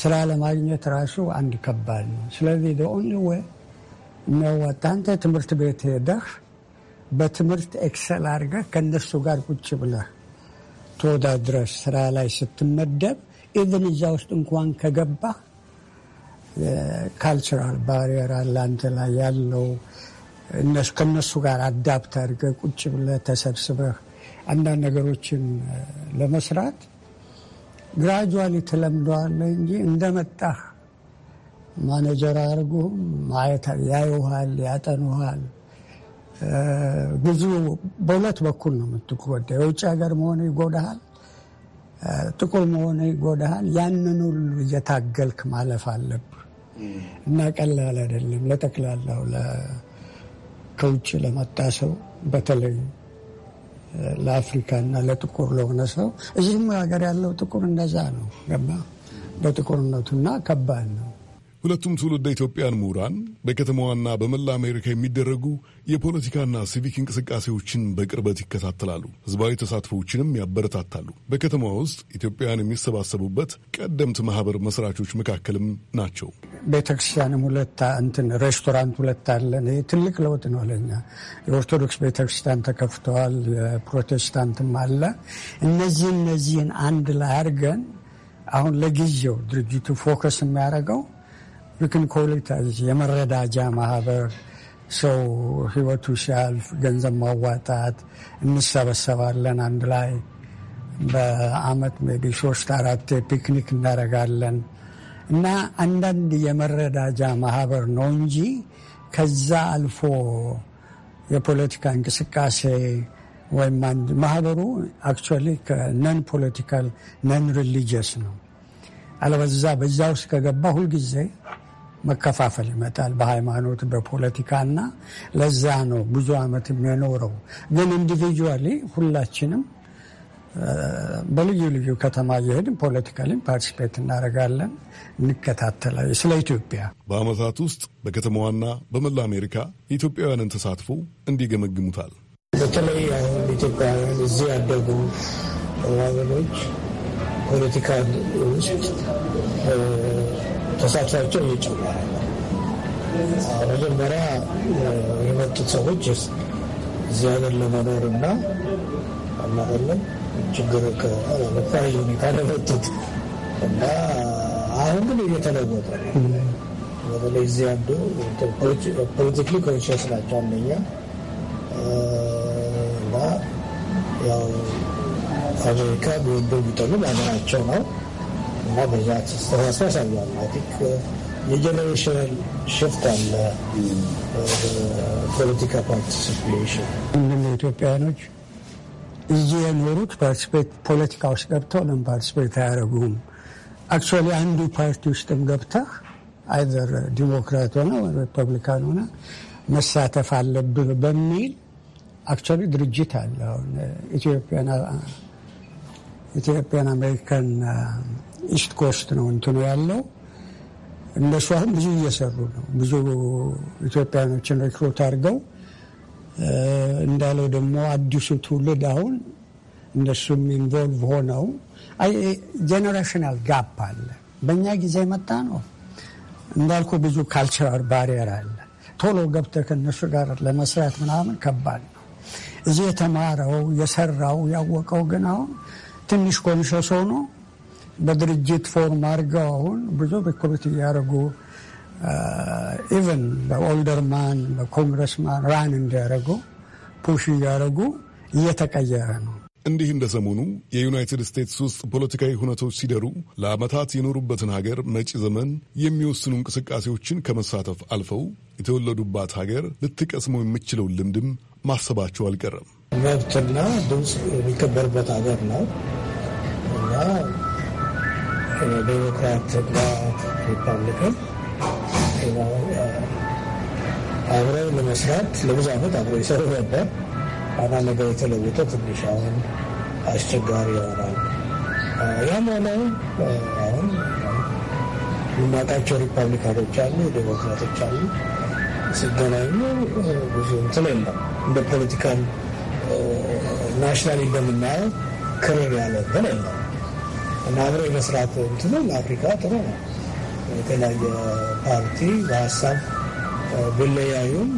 ስራ ለማግኘት ራሱ አንድ ከባድ ነው። ስለዚህ ኦንሊ ዌይ የሚያዋጣህ አንተ ትምህርት ቤት ሄደህ በትምህርት ኤክሰል አድርገህ ከእነሱ ጋር ቁጭ ብለህ ተወዳድረ ስራ ላይ ስትመደብ ኢቨን እዛ ውስጥ እንኳን ከገባ ካልቸራል ባሪየር አለ አንተ ላይ ያለው ከእነሱ ጋር አዳፕት አድርገህ ቁጭ ብለህ ተሰብስበህ አንዳንድ ነገሮችን ለመስራት ግራጁዋሊ ትለምደዋለህ እንጂ እንደመጣህ ማኔጀር አድርጎም ማየት ያዩሃል፣ ያጠኑሃል። ብዙ በሁለት በኩል ነው የምትጎዳ። የውጭ ሀገር መሆነ ይጎዳሃል፣ ጥቁር መሆነ ይጎዳሃል። ያንን ሁሉ እየታገልክ ማለፍ አለብ እና ቀላል አይደለም። ለጠቅላላው ከውጭ ለመጣ ሰው በተለይ ለአፍሪካ እና ለጥቁር ለሆነ ሰው እዚህም ሀገር ያለው ጥቁር እንደዛ ነው ገባ በጥቁርነቱና ከባድ ነው። ሁለቱም ትውልደ ኢትዮጵያን ምሁራን በከተማዋና በመላ አሜሪካ የሚደረጉ የፖለቲካና ሲቪክ እንቅስቃሴዎችን በቅርበት ይከታተላሉ፣ ህዝባዊ ተሳትፎዎችንም ያበረታታሉ። በከተማ ውስጥ ኢትዮጵያን የሚሰባሰቡበት ቀደምት ማህበር መስራቾች መካከልም ናቸው። ቤተክርስቲያንም ሁለት እንትን ሬስቶራንት ሁለት አለን። ይህ ትልቅ ለውጥ ነው ለኛ። የኦርቶዶክስ ቤተክርስቲያን ተከፍተዋል፣ የፕሮቴስታንትም አለ። እነዚህ እነዚህን አንድ ላይ አድርገን አሁን ለጊዜው ድርጅቱ ፎከስ የሚያደርገው ልክን ኮሌታይዝ የመረዳጃ ማህበር ሰው ህይወቱ ሲያልፍ ገንዘብ ማዋጣት እንሰበሰባለን። አንድ ላይ በአመት ሜቢ ሶስት አራት ፒክኒክ እናደርጋለን እና አንዳንድ የመረዳጃ ማህበር ነው እንጂ ከዛ አልፎ የፖለቲካ እንቅስቃሴ ወይም አንድ ማህበሩ አክቹዋሊ ነን ፖለቲካል ነን ሪሊጂየስ ነው። አለበዛ በዛ ውስጥ ከገባ ሁልጊዜ መከፋፈል ይመጣል በሃይማኖት በፖለቲካና ለዛ ነው ብዙ ዓመት የሚኖረው። ግን ኢንዲቪጁዋሊ ሁላችንም በልዩ ልዩ ከተማ እየሄድን ፖለቲካሊ ፓርቲስፔት እናደርጋለን፣ እንከታተላለን። ስለ ኢትዮጵያ በአመታት ውስጥ በከተማዋና በመላ አሜሪካ የኢትዮጵያውያንን ተሳትፎ እንዲገመግሙታል። በተለይ አሁን ኢትዮጵያውያን እዚህ ያደጉ ወገኖች ፖለቲካ ውስጥ ተሳትፏቸው እየጨመረ ነው። መጀመሪያ የመጡት ሰዎች እዚህ ሀገር ለመኖር እና አናቀለም ችግር ከፋይ ሁኔታ ለመጡት እና አሁን ግን እየተለወጠ ነው። በተለይ እዚህ አንዱ ፖለቲካሊ ኮንሽስ ናቸው አንደኛ እና ያው አሜሪካ ቢወዱ ቢጠሉ ሀገራቸው ነው እና በዛ ተስተሳሳ ያሳያል። ቲክ የጀኔሬሽናል ሽፍት አለ። ፖለቲካ ፓርቲሲፔሽን ሁሉም ኢትዮጵያውያኖች እዚህ የኖሩት ፓርቲስፔት ፖለቲካ ውስጥ ገብተው ለም ፓርቲስፔት አያደረጉም። አክቹዋሊ አንዱ ፓርቲ ውስጥም ገብተህ አይዘር ዲሞክራት ሆነ ሪፐብሊካን ሆነ መሳተፍ አለብህ በሚል አክቹዋሊ ድርጅት አለ አሁን ኢትዮጵያን አሜሪካን ኢስት ኮስት ነው እንትኑ ያለው። እንደሱ አሁን ብዙ እየሰሩ ነው። ብዙ ኢትዮጵያኖችን ሪክሩት አድርገው እንዳለው ደግሞ አዲሱ ትውልድ አሁን እንደሱም ኢንቮልቭ ሆነው ጄኔሬሽናል ጋፕ አለ። በእኛ ጊዜ መጣ ነው እንዳልኩ ብዙ ካልቸራል ባሪየር አለ። ቶሎ ገብተህ ከነሱ ጋር ለመስራት ምናምን ከባድ ነው። እዚህ የተማረው የሰራው ያወቀው ግን አሁን ትንሽ ኮንሸስ ሆኖ በድርጅት ፎርም አድርገው አሁን ብዙ ሪክሩት እያደረጉ ኢቨን በኦልደርማን በኮንግረስማን ራን እንዲያደረጉ ፑሽ እያደረጉ እየተቀየረ ነው። እንዲህ እንደ ሰሞኑ የዩናይትድ ስቴትስ ውስጥ ፖለቲካዊ ሁነቶች ሲደሩ ለዓመታት የኖሩበትን ሀገር መጪ ዘመን የሚወስኑ እንቅስቃሴዎችን ከመሳተፍ አልፈው የተወለዱባት ሀገር ልትቀስመው የምችለውን ልምድም ማሰባቸው አልቀረም። መብትና ድምፅ የሚከበርበት ሀገር ነው እና ዴሞክራትና ሪፐብሊክን አብረው ለመስራት ለብዙ ዓመት አብረው ይሰሩ ነበር። አና ነገር የተለወጠ ትንሽ አሁን አስቸጋሪ ይሆናል። ያም ሆነ አሁን የምናውቃቸው ሪፐብሊካኖች አሉ፣ ዴሞክራቶች አሉ። ሲገናኙ ብዙ እንትን የለም እንደ ፖለቲካል ናሽናል እንደምናየው ክርር ያለ እንትን የለም። እና አብሮ የመስራት እንትኑ ለአፍሪካ ጥሩ ነው። የተለያየ ፓርቲ በሀሳብ ብለያዩም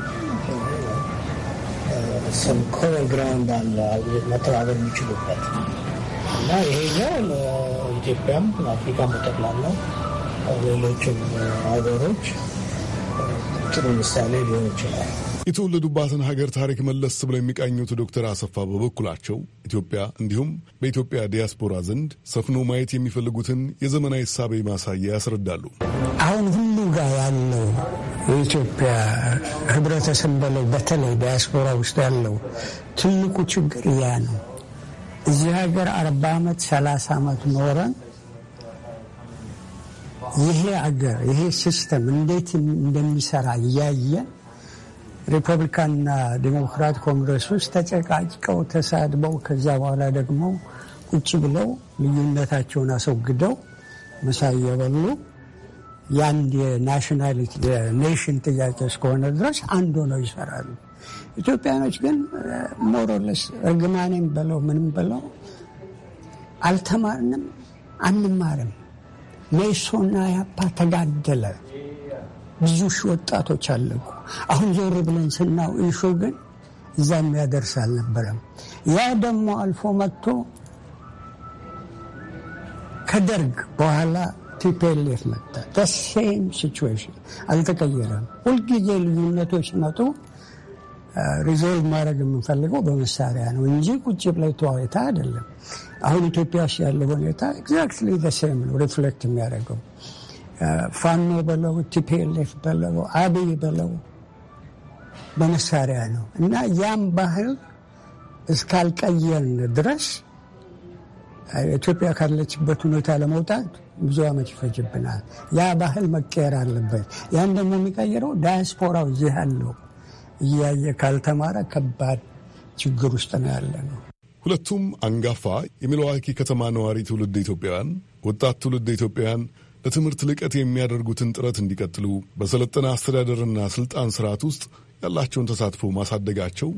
ስም ኮመን ግራውንድ አለ መተባበር የሚችሉበት እና ይሄኛው ለኢትዮጵያም ለአፍሪካም በጠቅላላ ሌሎችም ሀገሮች ጥሩ ምሳሌ ሊሆን ይችላል። የተወለዱባትን ሀገር ታሪክ መለስ ብለው የሚቃኙት ዶክተር አሰፋ በበኩላቸው ኢትዮጵያ እንዲሁም በኢትዮጵያ ዲያስፖራ ዘንድ ሰፍኖ ማየት የሚፈልጉትን የዘመናዊ ሳቤ ማሳያ ያስረዳሉ። አሁን ሁሉ ጋር ያለው የኢትዮጵያ ህብረተሰብ በላይ በተለይ ዲያስፖራ ውስጥ ያለው ትልቁ ችግር ያ ነው። እዚህ ሀገር አርባ ዓመት ሰላሳ ዓመት ኖረን ይሄ አገር ይሄ ሲስተም እንዴት እንደሚሰራ እያየን ሪፐብሊካንና ዲሞክራት ኮንግረስ ውስጥ ተጨቃጭቀው ተሳድበው ከዛ በኋላ ደግሞ ቁጭ ብለው ልዩነታቸውን አስወግደው ምሳ እየበሉ የአንድ የናሽናሊቲ የኔሽን ጥያቄ እስከሆነ ድረስ አንዱ ነው ይሰራሉ። ኢትዮጵያኖች ግን ሞሮለስ እርግማኔም በለው ምንም በለው አልተማርንም፣ አንማርም። ሜሶና ያፓ ተጋደለ፣ ብዙ ሺህ ወጣቶች አለቁ። አሁን ዞር ብለን ስናው እሾ ግን እዛም ያደርስ አልነበረም። ያ ደግሞ አልፎ መጥቶ ከደርግ በኋላ ቲፒኤልኤፍ መጣ። ተሴም ሲቹዌሽን አልተቀየረም። ሁልጊዜ ልዩነቶች መጡ። ሪዞልቭ ማድረግ የምንፈልገው በመሳሪያ ነው እንጂ ቁጭ ብላ ተዋይታ አይደለም። አሁን ኢትዮጵያ ውስጥ ያለው ሁኔታ ኤግዛክትሊ ተሴም ነው ሪፍሌክት የሚያደርገው ፋኖ በለው ቲፒኤልኤፍ በለው አብይ በለው በመሳሪያ ነው እና ያም ባህል እስካልቀየርን ድረስ ኢትዮጵያ ካለችበት ሁኔታ ለመውጣት ብዙ ዓመት ይፈጅብናል። ያ ባህል መቀየር አለበት። ያን ደግሞ የሚቀይረው ዳያስፖራው እዚህ ያለው እያየ ካልተማረ ከባድ ችግር ውስጥ ነው ያለ ነው። ሁለቱም አንጋፋ የሚለዋኪ ከተማ ነዋሪ ትውልድ ኢትዮጵያውያን ወጣት ትውልድ ኢትዮጵያውያን ለትምህርት ልቀት የሚያደርጉትን ጥረት እንዲቀጥሉ በሰለጠነ አስተዳደርና ስልጣን ስርዓት ውስጥ ያላቸውን ተሳትፎ ማሳደጋቸው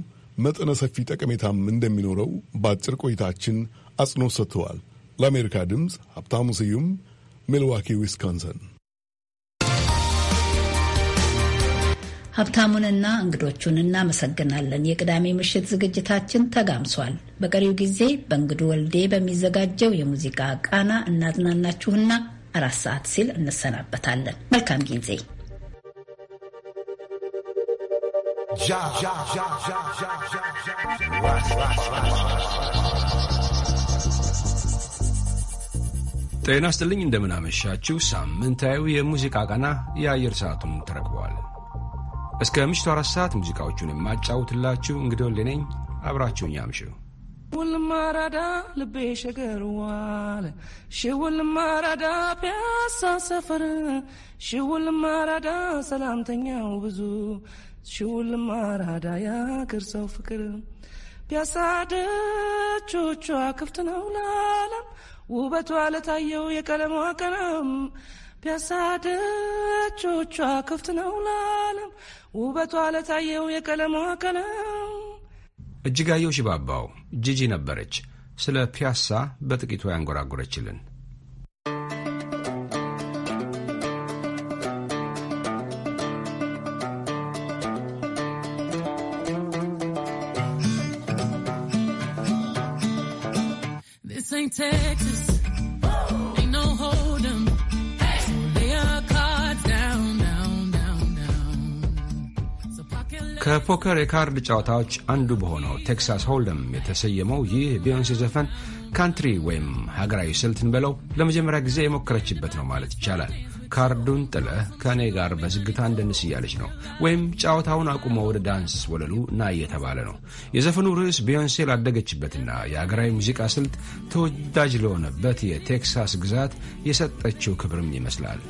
መጠነ ሰፊ ጠቀሜታም እንደሚኖረው በአጭር ቆይታችን አጽንኦት ሰጥተዋል። ለአሜሪካ ድምፅ ሀብታሙ ስዩም ሚልዋኪ ዊስኮንሰን። ሀብታሙንና እንግዶቹን እናመሰግናለን። የቅዳሜ ምሽት ዝግጅታችን ተጋምሷል። በቀሪው ጊዜ በእንግዱ ወልዴ በሚዘጋጀው የሙዚቃ ቃና እናዝናናችሁና አራት ሰዓት ሲል እንሰናበታለን። መልካም ጊዜ። já, já, já, já, já, já, já. ጤና ይስጥልኝ እንደምናመሻችሁ። ሳምንታዊ የሙዚቃ ቀና የአየር ሰዓቱን ተረክበዋል። እስከ ምሽቱ አራት ሰዓት ሙዚቃዎቹን የማጫውትላችሁ እንግዲህ ወሌ ነኝ። አብራችሁኝ አምሹ። ውልማራዳ ልቤ ሸገርዋል ሽውልማራዳ ፒያሳ ሰፈር ሽውልማራዳ ሰላምተኛው ብዙ ሽውልም አራዳ ያገር ፍቅር ቢያሳደቾቿ ክፍት ነው ለዓለም ውበቷ ለታየው የቀለሟ ቀለም ፒያሳደቾቿ ክፍት ነው ለዓለም ውበቷ ለታየው የቀለሟ ቀለም። እጅጋየው ሽባባው ጂጂ ነበረች ስለ ፒያሳ በጥቂቱ ያንጎራጎረችልን። ከፖከር የካርድ ጨዋታዎች አንዱ በሆነው ቴክሳስ ሆልደም የተሰየመው ይህ ቢዮንሴ ዘፈን ካንትሪ ወይም ሀገራዊ ስልትን በለው ለመጀመሪያ ጊዜ የሞከረችበት ነው ማለት ይቻላል። ካርዱን ጥለህ ከእኔ ጋር በዝግታ እንደንስ እያለች ነው፣ ወይም ጨዋታውን አቁሞ ወደ ዳንስ ወለሉ ና እየተባለ ነው። የዘፈኑ ርዕስ ቢዮንሴ ላደገችበትና የሀገራዊ ሙዚቃ ስልት ተወዳጅ ለሆነበት የቴክሳስ ግዛት የሰጠችው ክብርም ይመስላል።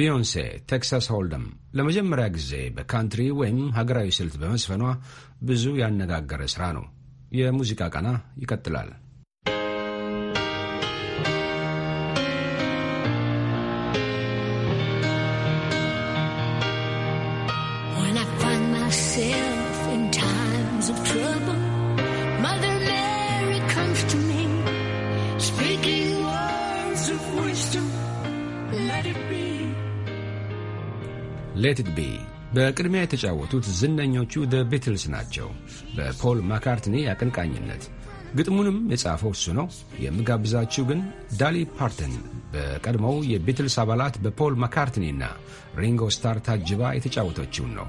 ቢዮንሴ ቴክሳስ ሆልደም ለመጀመሪያ ጊዜ በካንትሪ ወይም ሀገራዊ ስልት በመስፈኗ ብዙ ያነጋገረ ሥራ ነው። የሙዚቃ ቀና ይቀጥላል። ሌት ኢት ቢ በቅድሚያ የተጫወቱት ዝነኞቹ ዘ ቢትልስ ናቸው በፖል ማካርትኒ አቀንቃኝነት። ግጥሙንም የጻፈው እሱ ነው። የምጋብዛችሁ ግን ዳሊ ፓርተን በቀድሞው የቢትልስ አባላት በፖል ማካርትኒና ሪንጎ ስታር ታጅባ የተጫወተችውን ነው።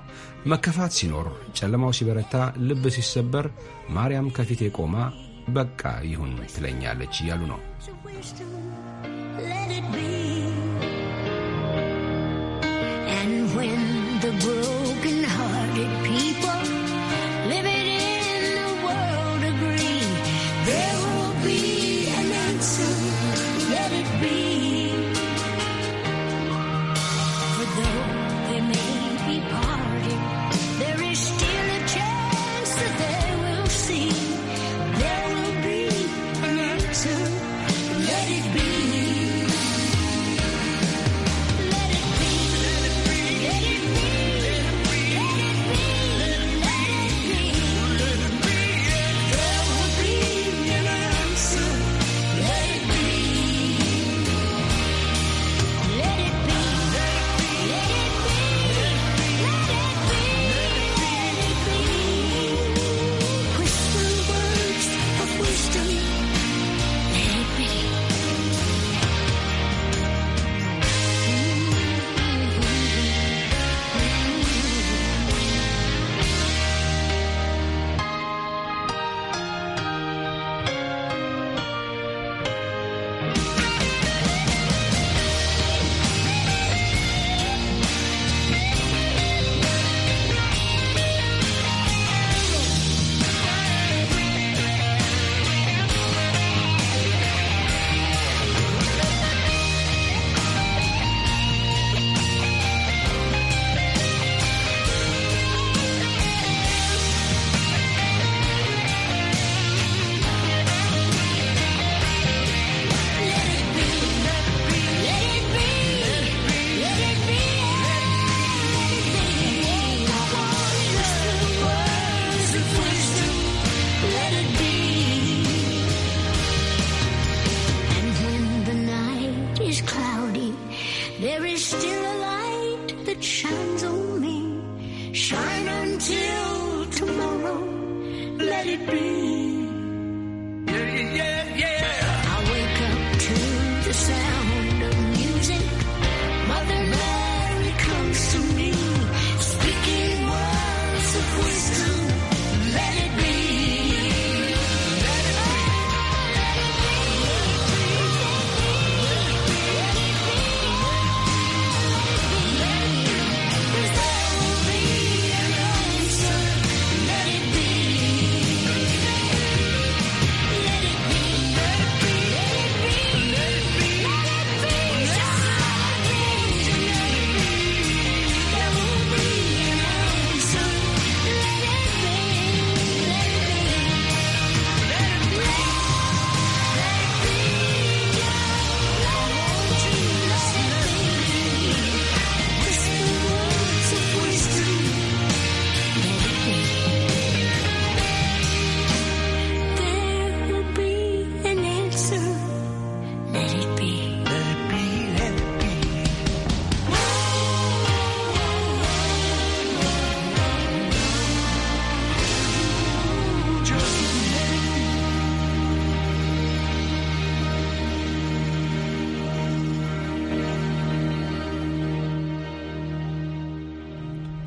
መከፋት ሲኖር፣ ጨለማው ሲበረታ፣ ልብ ሲሰበር ማርያም ከፊቴ ቆማ በቃ ይሁን ትለኛለች እያሉ ነው። when the broken-hearted people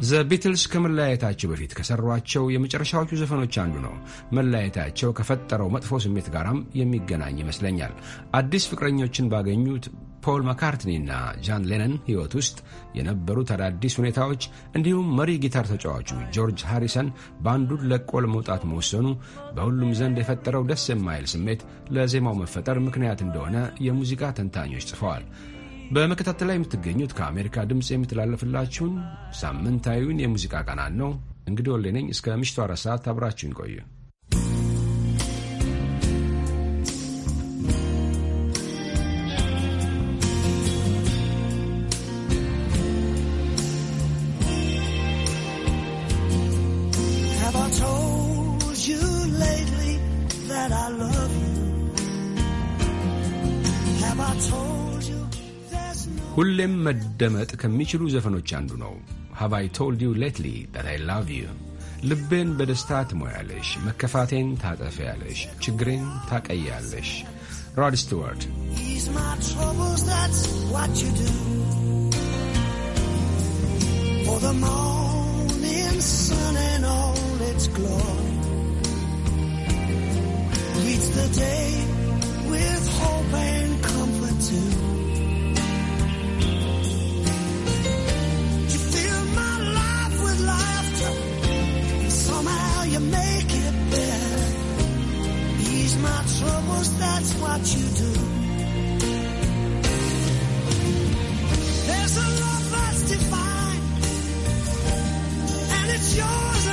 ዘ ቢትልስ ከመለያየታቸው በፊት ከሰሯቸው የመጨረሻዎቹ ዘፈኖች አንዱ ነው። መለያየታቸው ከፈጠረው መጥፎ ስሜት ጋራም የሚገናኝ ይመስለኛል። አዲስ ፍቅረኞችን ባገኙት ፖል መካርትኒ እና ጃን ሌነን ሕይወት ውስጥ የነበሩት አዳዲስ ሁኔታዎች እንዲሁም መሪ ጊታር ተጫዋቹ ጆርጅ ሃሪሰን ባንዱን ለቆ ለመውጣት መወሰኑ በሁሉም ዘንድ የፈጠረው ደስ የማይል ስሜት ለዜማው መፈጠር ምክንያት እንደሆነ የሙዚቃ ተንታኞች ጽፈዋል። በመከታተል ላይ የምትገኙት ከአሜሪካ ድምፅ የምትላለፍላችሁን ሳምንታዊውን የሙዚቃ ቀናት ነው። እንግዲህ ወሌነኝ እስከ ምሽቱ አራት ሰዓት አብራችሁን ቆዩ። ሁሌም መደመጥ ከሚችሉ ዘፈኖች አንዱ ነው። ሃቭ አይ ቶልድ ዩ ሌትሊ ዳት አይ ላቭ ዩ ልቤን በደስታ ትሞያለሽ፣ መከፋቴን ታጠፊያለሽ፣ ችግሬን ታቀያለሽ። ሮድ ስቱዋርት For the morning sun and all its glory Greets the day with hope and comfort too somehow you make it better. Ease my troubles, that's what you do. There's a love that's divine, and it's yours.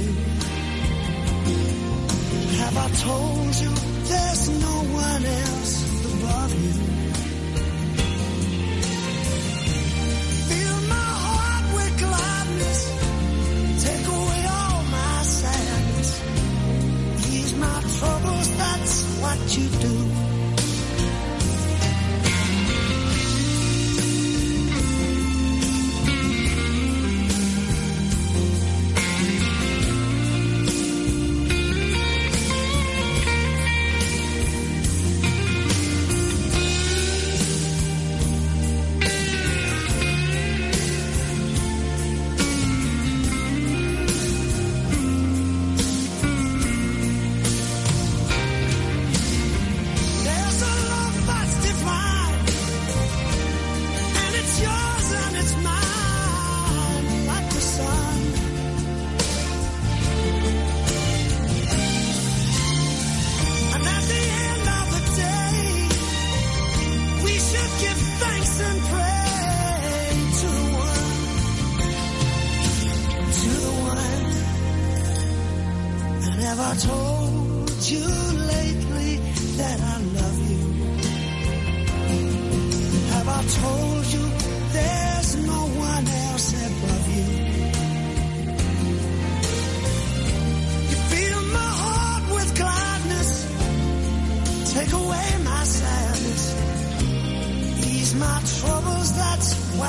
you.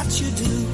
what you do.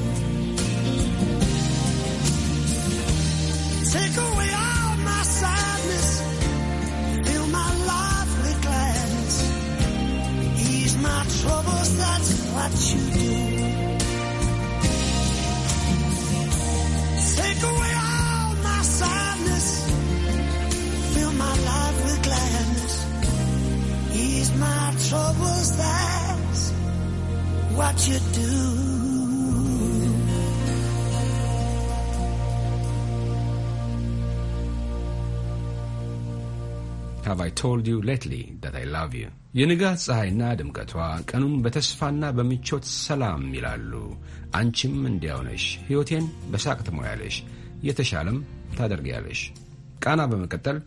ቶልድ ዩ ሌትሊ ዳት አይ ላቭ ዩ የንጋት ፀሐይና ድምቀቷ ቀኑን በተስፋና በምቾት ሰላም ይላሉ። አንቺም እንዲያው ነሽ። ሕይወቴን በሳቅ ትሞያለሽ፣ የተሻለም ታደርጊያለሽ። ቃና በመቀጠል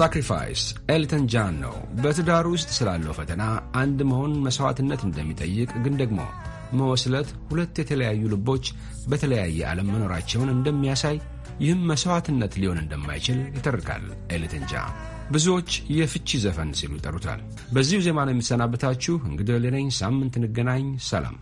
ሳክሪፋይስ ኤልተን ጃን ነው። በትዳር ውስጥ ስላለው ፈተና አንድ መሆን መሥዋዕትነት እንደሚጠይቅ ግን ደግሞ መወስለት ሁለት የተለያዩ ልቦች በተለያየ ዓለም መኖራቸውን እንደሚያሳይ ይህም መሥዋዕትነት ሊሆን እንደማይችል ይተርካል። ኤልተን ጃ ብዙዎች የፍቺ ዘፈን ሲሉ ይጠሩታል። በዚሁ ዜማ ነው የሚሰናበታችሁ። እንግዲህ ሌላኝ ሳምንት እንገናኝ። ሰላም።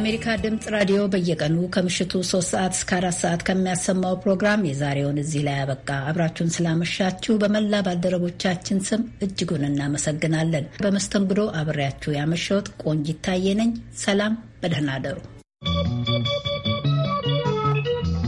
የአሜሪካ ድምፅ ራዲዮ በየቀኑ ከምሽቱ 3 ሰዓት እስከ 4 ሰዓት ከሚያሰማው ፕሮግራም የዛሬውን እዚህ ላይ አበቃ አብራችሁን ስላመሻችሁ በመላ ባልደረቦቻችን ስም እጅጉን እናመሰግናለን። በመስተንግዶ አብሬያችሁ ያመሸሁት ቆንጅ ይታየነኝ። ሰላም፣ በደህና አደሩ።